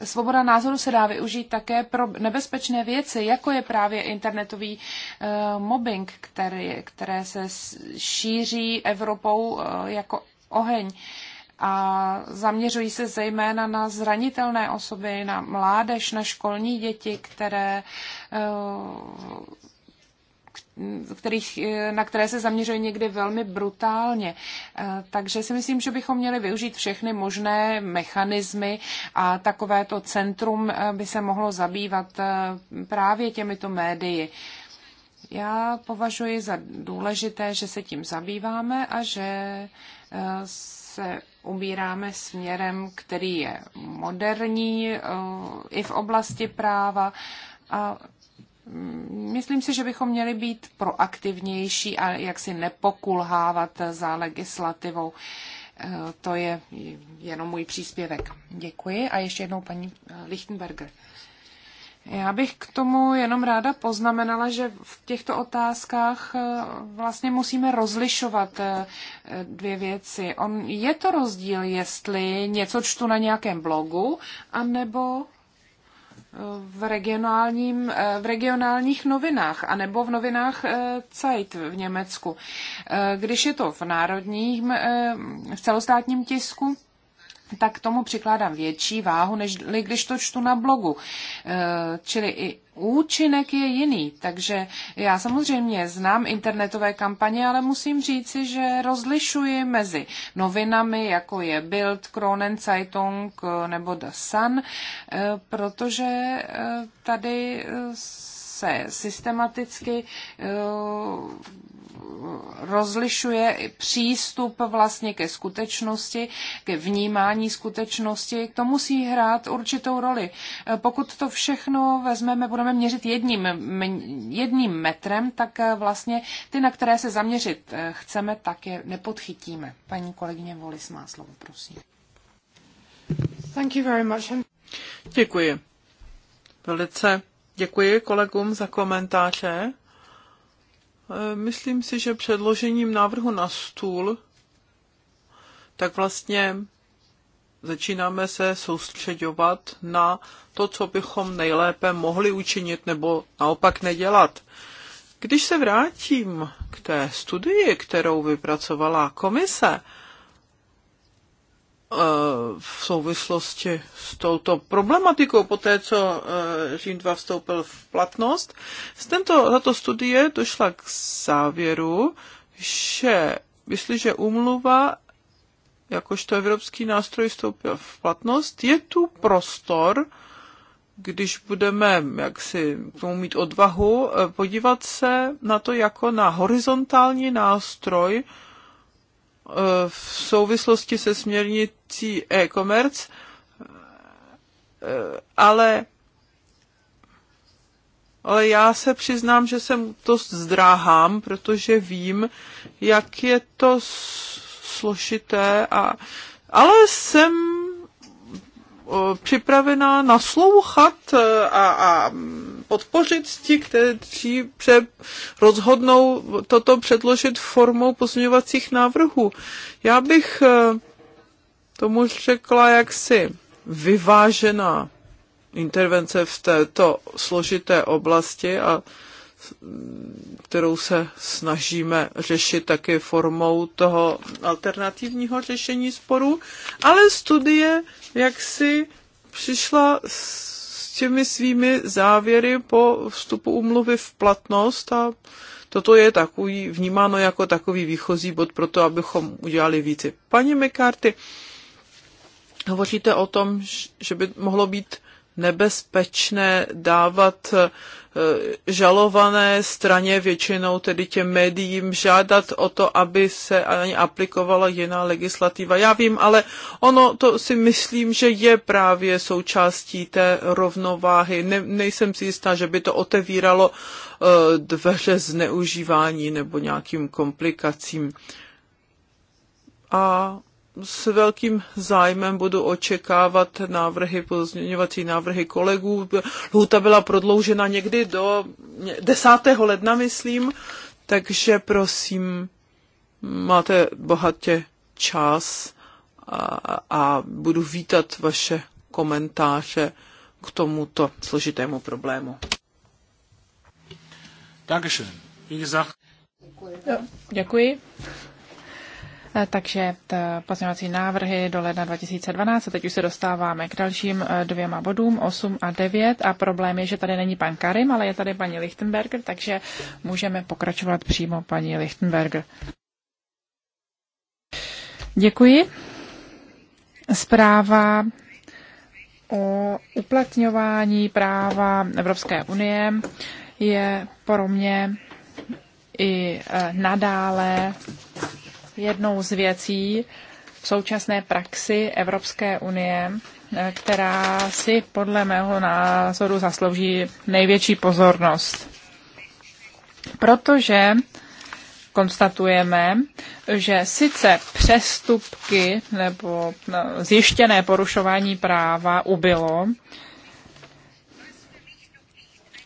svoboda názoru se dá využít také pro nebezpečné věci, jako je právě internetový uh, mobbing, který, které se šíří Evropou uh, jako oheň. A zaměřují se zejména na zranitelné osoby, na mládež, na školní děti, které uh, kterých, eh, na které se zaměřuje někdy velmi brutálně. Eh, takže si myslím, že bychom měli využít všechny možné mechanismy a takovéto centrum eh, by se mohlo zabývat právě těmito médii. Já považuji za důležité, že se tím zabýváme a že se ubíráme směrem, který je moderní i v oblasti práva a Myslím si, že bychom měli být proaktivnější a jaksi nepokulhávat za legislativou. Eh, to je jenom můj příspěvek. Děkuji a ještě jednou paní eh, Lichtenberger. Já bych k tomu jenom ráda poznamenala, že v těchto otázkách eh, vlastně musíme rozlišovat dvě věci. On, je to rozdíl, jestli něco čtu na nějakém blogu, anebo v, regionálním, eh, v regionálních novinách anebo v novinách eh, Zeit v Německu. Eh, když je to v národním, v celostátním tisku, tak tomu přikládám větší váhu, než když to čtu na blogu. Čili i účinek je jiný. Takže já samozřejmě znám internetové kampaně, ale musím říci, že rozlišuji mezi novinami, jako je Bild, Kronen Zeitung eh, nebo The Sun, eh, protože eh, tady se systematicky rozlišuje i přístup vlastně ke skutečnosti, ke vnímání skutečnosti. To musí hrát určitou roli. Pokud to všechno vezmeme, budeme měřit jedním, jedním metrem, tak vlastně ty, na které se zaměřit chceme, tak je nepodchytíme. Paní kolegyně Volis má slovo, prosím. Thank you very much. Děkuji. Velice děkuji kolegům za komentáře. E, myslím si, že předložením návrhu na stůl tak vlastně začínáme se soustředovat na to, co bychom nejlépe mohli učinit nebo naopak nedělat. Když se vrátím k té studii, kterou vypracovala komise, v souvislosti s touto problematikou, po té, co Řím eh, 2 vstoupil v platnost. Z tento, tato studie došla k závěru, že jestliže umluva jakožto evropský nástroj vstoupil v platnost, je tu prostor, když budeme jaksi k tomu mít odvahu, eh, podívat se na to jako na horizontální nástroj, v souvislosti se směrnicí e-commerce, ale, ale já se přiznám, že jsem to zdráhám, protože vím, jak je to složité, a, ale jsem připravena naslouchat e, a, a podpořit ti, kteří pře- rozhodnou toto předložit formou pozměňovacích návrhů. Já bych e, tomu řekla jaksi vyvážená intervence v této složité oblasti a kterou se snažíme řešit taky formou toho alternativního řešení sporů, ale studie jaksi přišla s těmi svými závěry po vstupu umluvy v platnost a toto je takový, vnímáno jako takový výchozí bod pro to, abychom udělali více. Paní McCarthy, hovoříte o tom, že by mohlo být nebezpečné dávat eh, žalované straně, většinou tedy těm médiím, žádat o to, aby se ani aplikovala jiná legislativa. Já vím, ale ono to si myslím, že je právě součástí té rovnováhy. Ne, nejsem si jistá, že by to otevíralo eh, dveře zneužívání nebo nějakým komplikacím. A s velkým zájmem budu očekávat návrhy, pozměňovací návrhy kolegů. Lhuta byla prodloužena někdy do 10. ledna, myslím, takže prosím, máte bohatě čas a, a budu vítat vaše komentáře k tomuto složitému problému. Dankeschön. Wie gesagt... No, děkuji. Eh, takže pozměňovací návrhy do ledna 2012 a teď už se dostáváme k dalším eh, dvěma bodům, 8 a 9 a problém je, že tady není pan Karim, ale je tady paní Lichtenberger, takže můžeme pokračovat přímo paní Lichtenberger. Děkuji. Zpráva o uplatňování práva Evropské unie je pro mě i eh, nadále jednou z věcí v současné praxi Evropské unie, eh, která si podle mého názoru zaslouží největší pozornost. Protože konstatujeme, že sice přestupky nebo no, zjištěné porušování práva ubylo,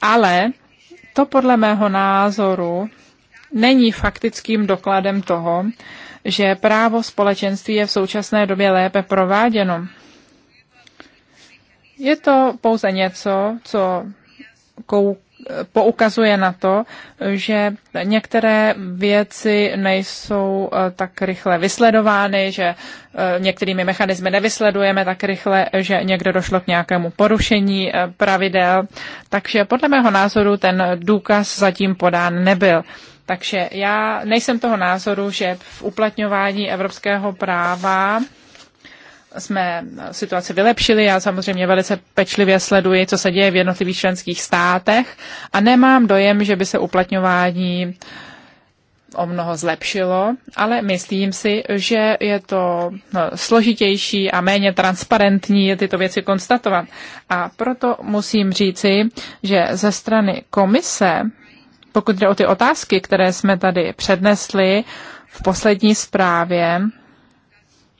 ale to podle mého názoru není faktickým dokladem toho, že právo společenství je v současné době lépe prováděno. Je to pouze něco, co poukazuje na to, že některé věci nejsou eh, tak rychle vysledovány, že eh, některými mechanismy nevysledujeme tak rychle, že někde došlo k nějakému porušení eh, pravidel. Takže podle mého názoru ten důkaz zatím podán nebyl. Takže já nejsem toho názoru, že v uplatňování evropského práva jsme situaci vylepšili. Já samozřejmě velice pečlivě sleduji, co se děje v jednotlivých členských státech a nemám dojem, že by se uplatňování o mnoho zlepšilo, ale myslím si, že je to no, složitější a méně transparentní tyto věci konstatovat. A proto musím říci, že ze strany komise pokud jde o ty otázky, které jsme tady přednesli v poslední zprávě,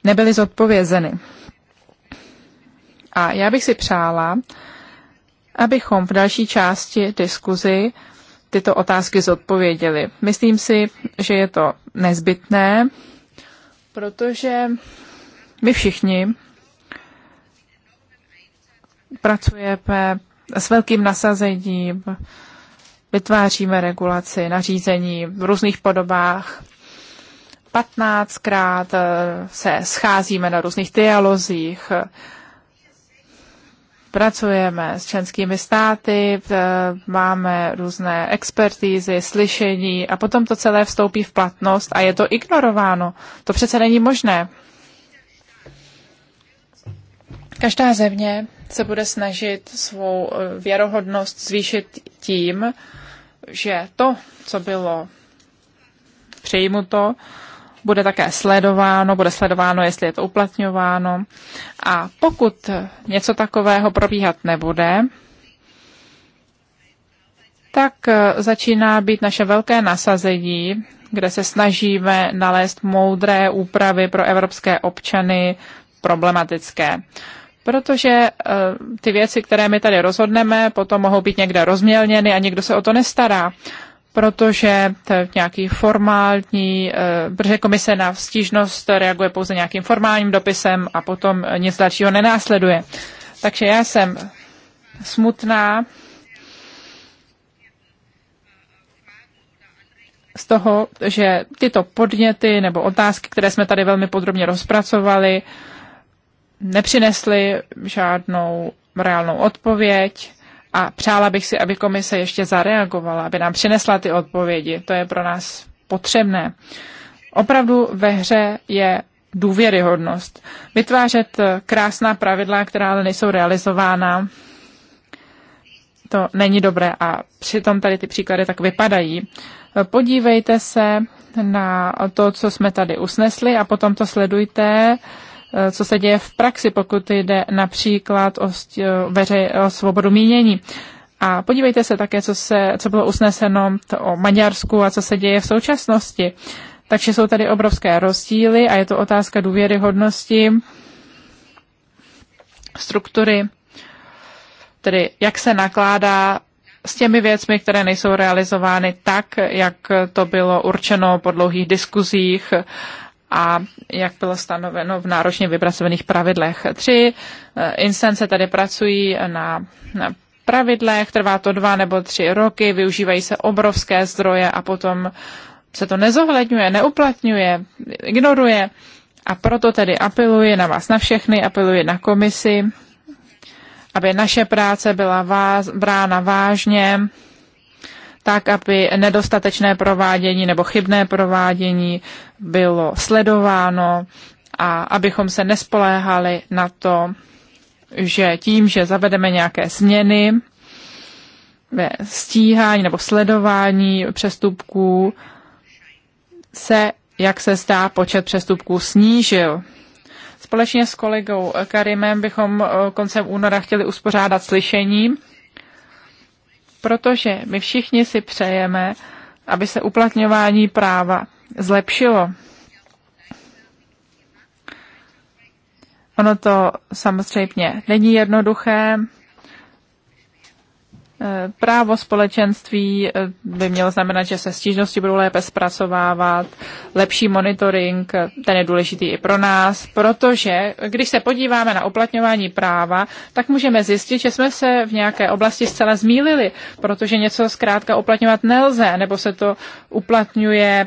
nebyly zodpovězeny. A já bych si přála, abychom v další části diskuzi tyto otázky zodpověděli. Myslím si, že je to nezbytné, protože my všichni pracujeme s velkým nasazením, vytváříme regulaci, nařízení v různých podobách. 15krát eh, se scházíme na různých dialozích, pracujeme s členskými státy, eh, máme různé expertízy, slyšení a potom to celé vstoupí v platnost a je to ignorováno. To přece není možné. Každá země se bude snažit svou eh, věrohodnost zvýšit tím, že to, co bylo přijímuto, bude také sledováno, bude sledováno, jestli je to uplatňováno. A pokud něco takového probíhat nebude, tak eh, začíná být naše velké nasazení, kde se snažíme nalézt moudré úpravy pro evropské občany problematické protože eh, ty věci, které my tady rozhodneme, potom mohou být někde rozmělněny a někdo se o to nestará protože nějaký formální, eh, protože komise na stížnost reaguje pouze nějakým formálním dopisem a potom nic dalšího nenásleduje. Takže já jsem smutná z toho, že tyto podněty nebo otázky, které jsme tady velmi podrobně rozpracovali, nepřinesly žádnou reálnou odpověď a přála bych si, aby komise ještě zareagovala, aby nám přinesla ty odpovědi. To je pro nás potřebné. Opravdu ve hře je důvěryhodnost. Vytvářet krásná pravidla, která ale nejsou realizována, to není dobré a přitom tady ty příklady tak vypadají. Podívejte se na to, co jsme tady usnesli a potom to sledujte Eh, co se děje v praxi, pokud jde například o, eh, veře, o svobodu mínění. A podívejte se také, co, se, co bylo usneseno o Maďarsku a co se děje v současnosti. Takže jsou tady obrovské rozdíly a je to otázka důvěryhodnosti struktury, tedy jak se nakládá s těmi věcmi, které nejsou realizovány tak, jak to bylo určeno po dlouhých diskuzích a jak bylo stanoveno v náročně vypracovaných pravidlech. Tři eh, instance tady pracují na, na pravidlech, trvá to dva nebo tři roky, využívají se obrovské zdroje a potom se to nezohledňuje, neuplatňuje, ignoruje. A proto tedy apeluji na vás na všechny, apeluji na komisi, aby naše práce byla váz, brána vážně tak, aby nedostatečné provádění nebo chybné provádění bylo sledováno a abychom se nespoléhali na to, že tím, že zavedeme nějaké změny ve stíhání nebo sledování přestupků, se, jak se zdá, počet přestupků snížil. Společně s kolegou Karimem bychom eh, koncem února chtěli uspořádat slyšení protože my všichni si přejeme, aby se uplatňování práva zlepšilo. Ono to samozřejmě není jednoduché, Eh, právo společenství eh, by mělo znamenat, že se stížnosti budou lépe zpracovávat, lepší monitoring, eh, ten je důležitý i pro nás, protože když se podíváme na uplatňování práva, tak můžeme zjistit, že jsme se v nějaké oblasti zcela zmílili, protože něco zkrátka uplatňovat nelze, nebo se to uplatňuje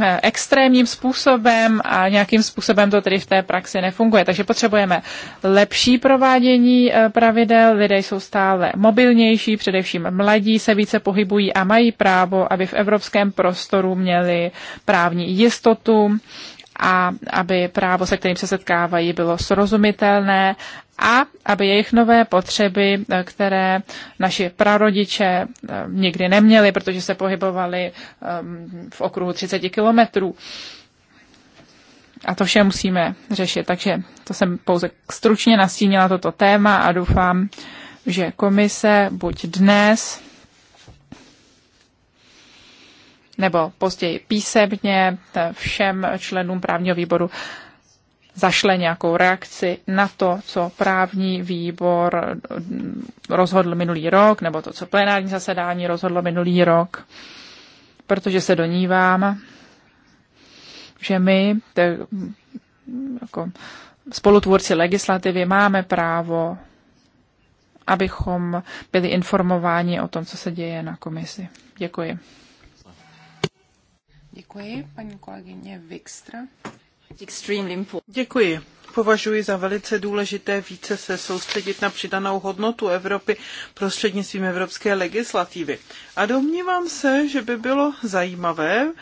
Eh, extrémním způsobem a nějakým způsobem to tedy v té praxi nefunguje. Takže potřebujeme lepší provádění eh, pravidel, lidé jsou stále mobilnější, především mladí se více pohybují a mají právo, aby v evropském prostoru měli právní jistotu, a aby právo, se kterým se setkávají, bylo srozumitelné a aby jejich nové potřeby, které naši prarodiče eh, nikdy neměli, protože se pohybovali ehm, v okruhu 30 kilometrů, a to vše musíme řešit. Takže to jsem pouze stručně nastínila toto téma a doufám, že komise buď dnes nebo později písemně všem členům právního výboru zašle nějakou reakci na to, co právní výbor rozhodl minulý rok, nebo to, co plenární zasedání rozhodlo minulý rok, protože se donívám, že my, jako spolutvůrci legislativy, máme právo, abychom byli informováni o tom, co se děje na komisi. Děkuji. Děkuji, paní kolegyně Wikström. Děkuji. Považuji za velice důležité více se soustředit na přidanou hodnotu Evropy prostřednictvím evropské legislativy. A domnívám se, že by bylo zajímavé eh,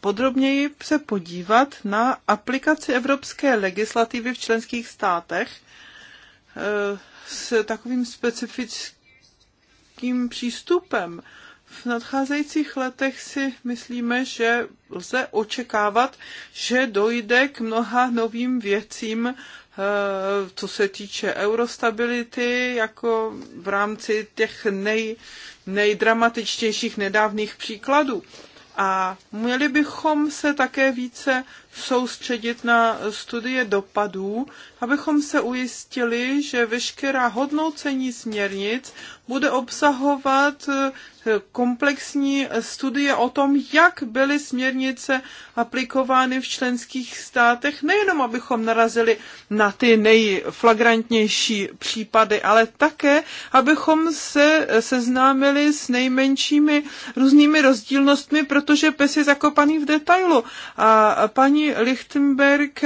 podrobněji se podívat na aplikaci evropské legislativy v členských státech eh, s takovým specifickým přístupem v nadcházejících letech si myslíme, že lze očekávat, že dojde k mnoha novým věcím, eh, co se týče eurostability, jako v rámci těch nej, nejdramatičtějších nedávných příkladů. A měli bychom se také více soustředit na studie dopadů, abychom se ujistili, že veškerá hodnocení směrnic bude obsahovat eh, komplexní studie o tom, jak byly směrnice aplikovány v členských státech, nejenom abychom narazili na ty nejflagrantnější případy, ale také, abychom se seznámili s nejmenšími různými rozdílnostmi, protože pes je zakopaný v detailu. A paní Lichtenberg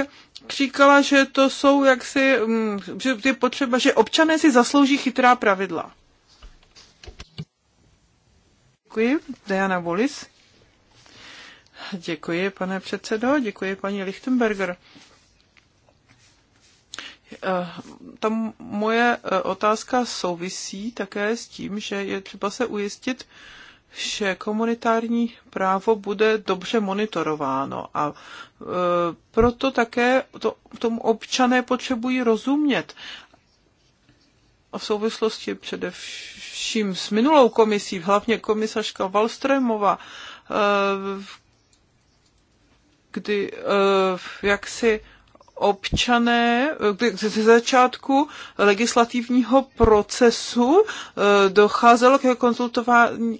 říkala, že to jsou jaksi, mm, že je potřeba, že občané si zaslouží chytrá pravidla. Děkuji, Diana Wallis. Děkuji, pane předsedo, děkuji, paní Lichtenberger. Eh, ta moje eh, otázka souvisí také s tím, že je třeba se ujistit, že komunitární právo bude dobře monitorováno a e, proto také to, tomu občané potřebují rozumět. A v souvislosti především s minulou komisí, hlavně komisařka Wallströmova, e, kdy e, jak si občané eh, ze začátku legislativního procesu eh, docházelo ke,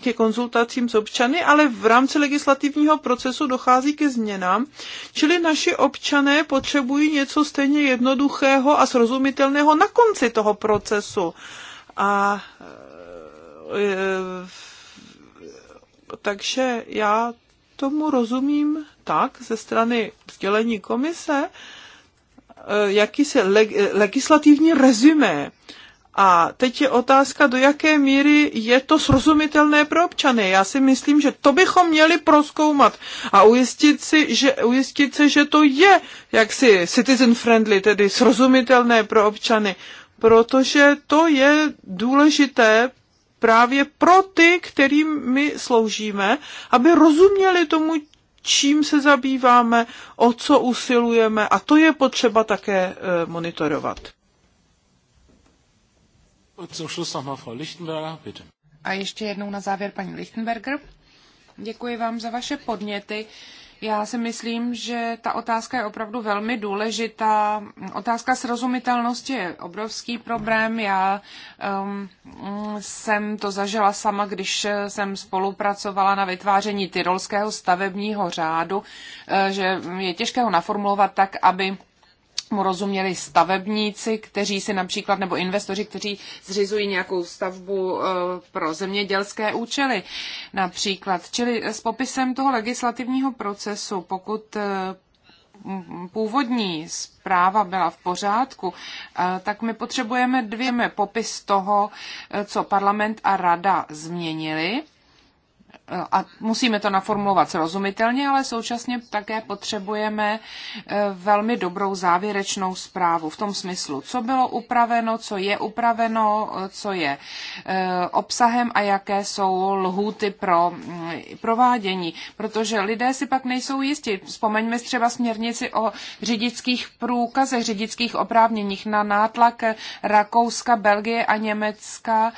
ke konzultacím s občany, ale v rámci legislativního procesu dochází ke změnám, čili naši občané potřebují něco stejně jednoduchého a srozumitelného na konci toho procesu. A eh, takže já tomu rozumím tak ze strany sdělení komise, Eh, jakýsi le- eh, legislativní rezumé. A teď je otázka, do jaké míry je to srozumitelné pro občany. Já si myslím, že to bychom měli proskoumat a ujistit, si, že, ujistit se, že to je jaksi citizen friendly, tedy srozumitelné pro občany, protože to je důležité právě pro ty, kterým my sloužíme, aby rozuměli tomu, čím se zabýváme, o co usilujeme a to je potřeba také eh, monitorovat. A ještě jednou na závěr paní Lichtenberger. Děkuji vám za vaše podněty. Já si myslím, že ta otázka je opravdu velmi důležitá. Otázka srozumitelnosti je obrovský problém. Já um, jsem to zažila sama, když jsem spolupracovala na vytváření tyrolského stavebního řádu, eh, že je těžké ho naformulovat tak, aby mu rozuměli stavebníci, kteří si například, nebo investoři, kteří zřizují nějakou stavbu eh, pro zemědělské účely například. Čili s popisem toho legislativního procesu, pokud eh, původní zpráva byla v pořádku, eh, tak my potřebujeme dvěme popis toho, co parlament a rada změnili a musíme to naformulovat srozumitelně, ale současně také potřebujeme e, velmi dobrou závěrečnou zprávu v tom smyslu, co bylo upraveno, co je upraveno, e, co je e, obsahem a jaké jsou lhůty pro mm, provádění, protože lidé si pak nejsou jistí. Vzpomeňme třeba směrnici o řidičských průkazech, řidičských oprávněních na nátlak Rakouska, Belgie a Německa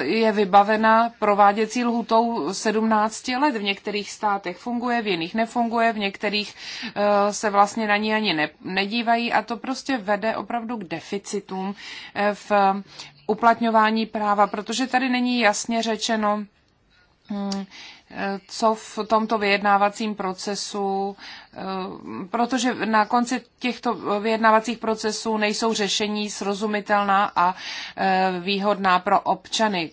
je vybavena prováděcí lhůtou 17 let. V některých státech funguje, v jiných nefunguje, v některých eh, se vlastně na ní ani ne, nedívají a to prostě vede opravdu k deficitům eh, v uplatňování práva, protože tady není jasně řečeno, hm, eh, co v tomto vyjednávacím procesu Eh, protože na konci těchto vyjednávacích procesů nejsou řešení srozumitelná a eh, výhodná pro občany.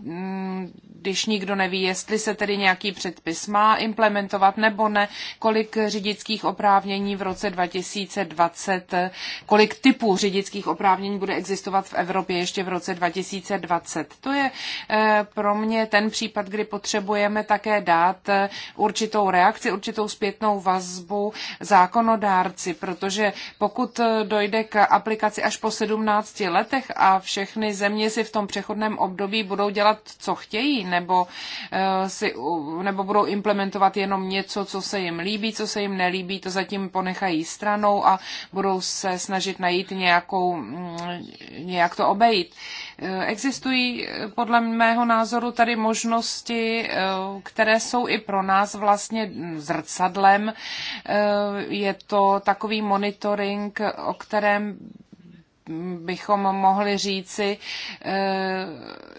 Mm, když nikdo neví, jestli se tedy nějaký předpis má implementovat nebo ne, kolik řidičských oprávnění v roce 2020, eh, kolik typů řidičských oprávnění bude existovat v Evropě ještě v roce 2020. To je pro mě ten případ, kdy potřebujeme také dát určitou reakci, určitou zpětnou vazbu vazbu zákonodárci, protože pokud dojde k aplikaci až po 17 letech a všechny země si v tom přechodném období budou dělat, co chtějí, nebo, eh, si, nebo budou implementovat jenom něco, co se jim líbí, co se jim nelíbí, to zatím ponechají stranou a budou se snažit najít nějakou, mm, nějak to obejít. Existují eh, podle mého názoru tady možnosti, eh, které jsou i pro nás vlastně zrcadlem. Eh, je to takový monitoring, o kterém bychom mohli říci,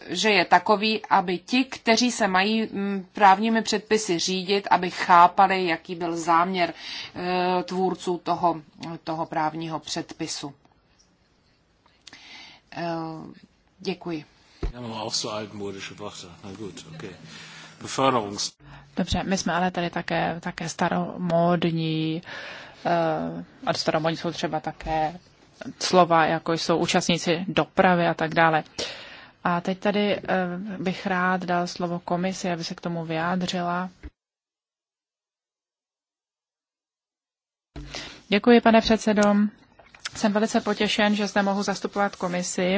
že je takový, aby ti, kteří se mají mm, právními předpisy řídit, aby chápali, jaký byl záměr tvůrců toho, toho právního předpisu Děkuji. Dobře, my jsme ale tady také, také staromódní eh, a staromódní jsou třeba také slova, jako jsou účastníci dopravy a tak dále. A teď tady eh, bych rád dal slovo komisi, aby se k tomu vyjádřila. Děkuji, pane předsedom. Jsem velice potěšen, že zde mohu zastupovat komisi,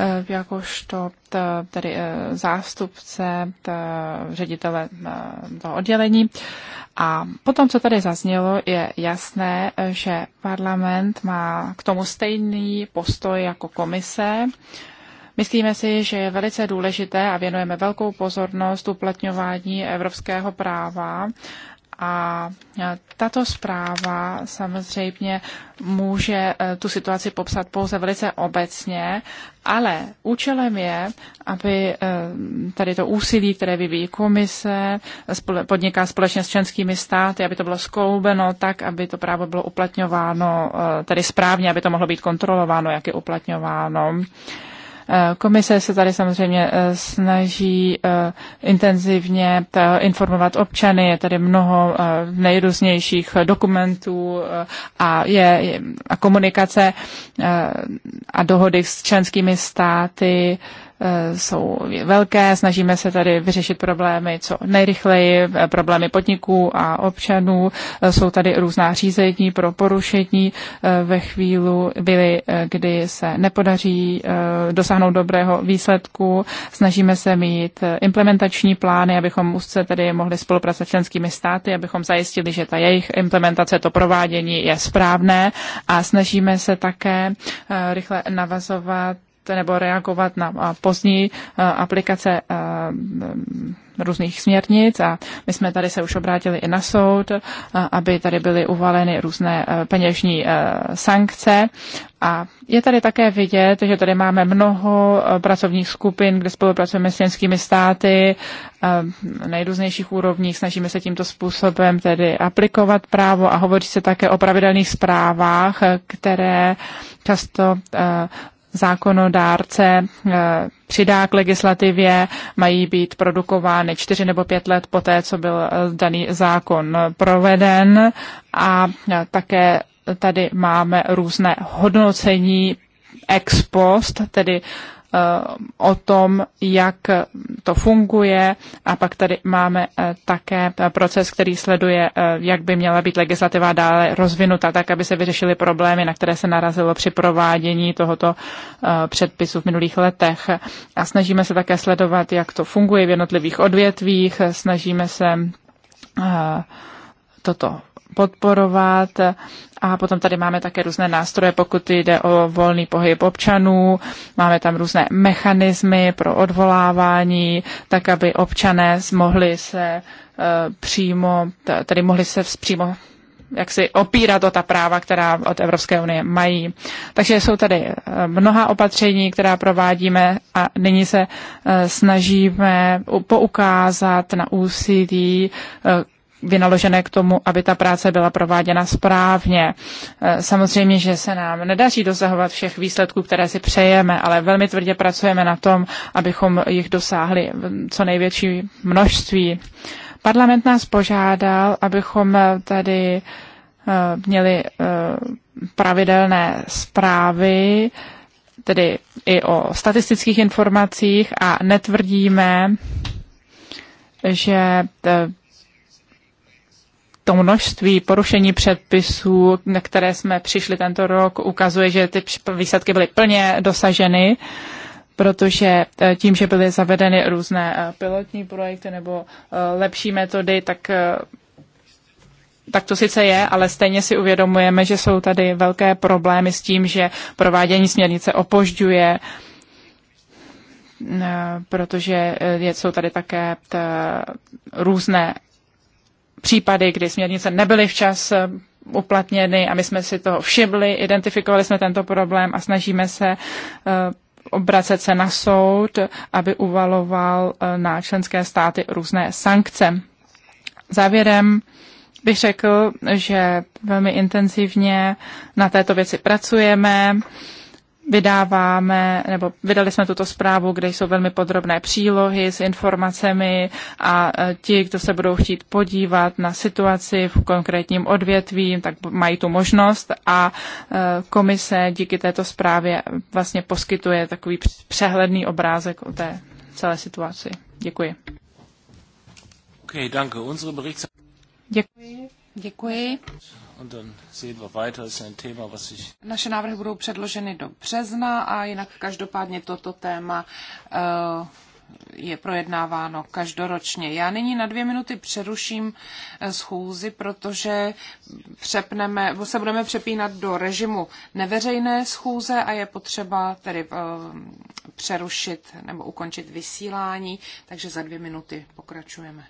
eh, jakožto tedy eh, zástupce ředitele eh, toho oddělení. A potom, co tady zaznělo, je jasné, že parlament má k tomu stejný postoj jako komise. Myslíme si, že je velice důležité a věnujeme velkou pozornost uplatňování evropského práva a e, tato zpráva samozřejmě může e, tu situaci popsat pouze velice obecně, ale účelem je, aby e, tady to úsilí, které vyvíjí komise, podniká společně s členskými státy, aby to bylo skloubeno tak, aby to právo bylo uplatňováno tady správně, aby to mohlo být kontrolováno, jak je uplatňováno. Komise se tady samozřejmě eh, snaží eh, intenzivně eh, informovat občany, je tady mnoho nejrůznějších dokumentů a, je, a komunikace a dohody s členskými státy, Eh, jsou velké, snažíme se tady vyřešit problémy co nejrychleji, eh, problémy podniků a občanů, eh, jsou tady různá řízení pro porušení ve chvíli, byly, kdy se nepodaří dosáhnout dobrého výsledku, snažíme se mít implementační plány, abychom úzce tady mohli spolupracovat s členskými státy, abychom zajistili, že ta jejich implementace, to provádění je správné a snažíme se také rychle navazovat nebo reagovat na pozdní e, aplikace e, různých směrnic a my jsme tady se už obrátili i na soud, e, aby tady byly uvaleny různé peněžní sankce. A je tady také vidět, že tady máme mnoho pracovních skupin, kde spolupracujeme s členskými státy nejrůznějších úrovních, snažíme se tímto způsobem tedy aplikovat právo a hovoří se také o pravidelných zprávách, které často zákonodárce eh, přidá k legislativě, mají být produkovány čtyři nebo pět let poté, co byl eh, daný zákon eh, proveden a také tady máme různé hodnocení ex post, tedy Eh, o tom, jak to funguje a pak tady máme eh, také proces, který sleduje, eh, jak by měla být legislativa dále rozvinuta, tak aby se vyřešily problémy, na které se narazilo při provádění tohoto předpisu v minulých letech. A snažíme se také sledovat, jak to funguje v jednotlivých odvětvích, snažíme se toto podporovat. A potom tady máme také různé nástroje, pokud jde o volný pohyb občanů. Máme tam různé mechanismy pro odvolávání, tak aby občané mohli se eh, přímo, tedy mohli se přímo jak si opírat o ta práva, která od Evropské unie mají. Takže jsou tady eh, mnoha opatření, která provádíme a nyní se eh, snažíme poukázat na úsilí vynaložené k tomu, aby ta práce byla prováděna správně. E, samozřejmě, že se nám nedaří dosahovat všech výsledků, které si přejeme, ale velmi tvrdě pracujeme na tom, abychom jich dosáhli co největší množství. Parlament nás požádal, abychom tady e, měli e, pravidelné zprávy, tedy i o statistických informacích a netvrdíme, že to množství porušení předpisů, na které jsme přišli tento rok, ukazuje, že ty výsledky byly plně dosaženy, protože e, tím, že byly zavedeny různé e, pilotní projekty nebo e, lepší metody, tak tak to sice je, ale stejně si uvědomujeme, že jsou tady velké problémy s tím, že provádění směrnice opožďuje, protože jsou tady také různé případy, kdy směrnice nebyly včas eh, uplatněny a my jsme si toho všimli, identifikovali jsme tento problém a snažíme se eh, obracet se na soud, aby uvaloval eh, na členské státy různé sankce. Závěrem bych řekl, že velmi intenzivně na této věci pracujeme vydáváme, nebo vydali jsme tuto zprávu, kde jsou velmi podrobné přílohy s informacemi a e, ti, kdo se budou chtít podívat na situaci v konkrétním odvětví, tak mají tu možnost a e, komise díky této zprávě vlastně poskytuje takový přehledný obrázek o té celé situaci. Děkuji. Okay, danke. Unsere Berichts Děkuji. Děkuji. Naše návrhy budou předloženy do března a jinak každopádně toto téma eh, je projednáváno každoročně. Já nyní na dvě minuty přeruším eh, schůzi, protože přepneme, se budeme přepínat do režimu neveřejné schůze a je potřeba tedy eh, přerušit nebo ukončit vysílání, takže za dvě minuty pokračujeme.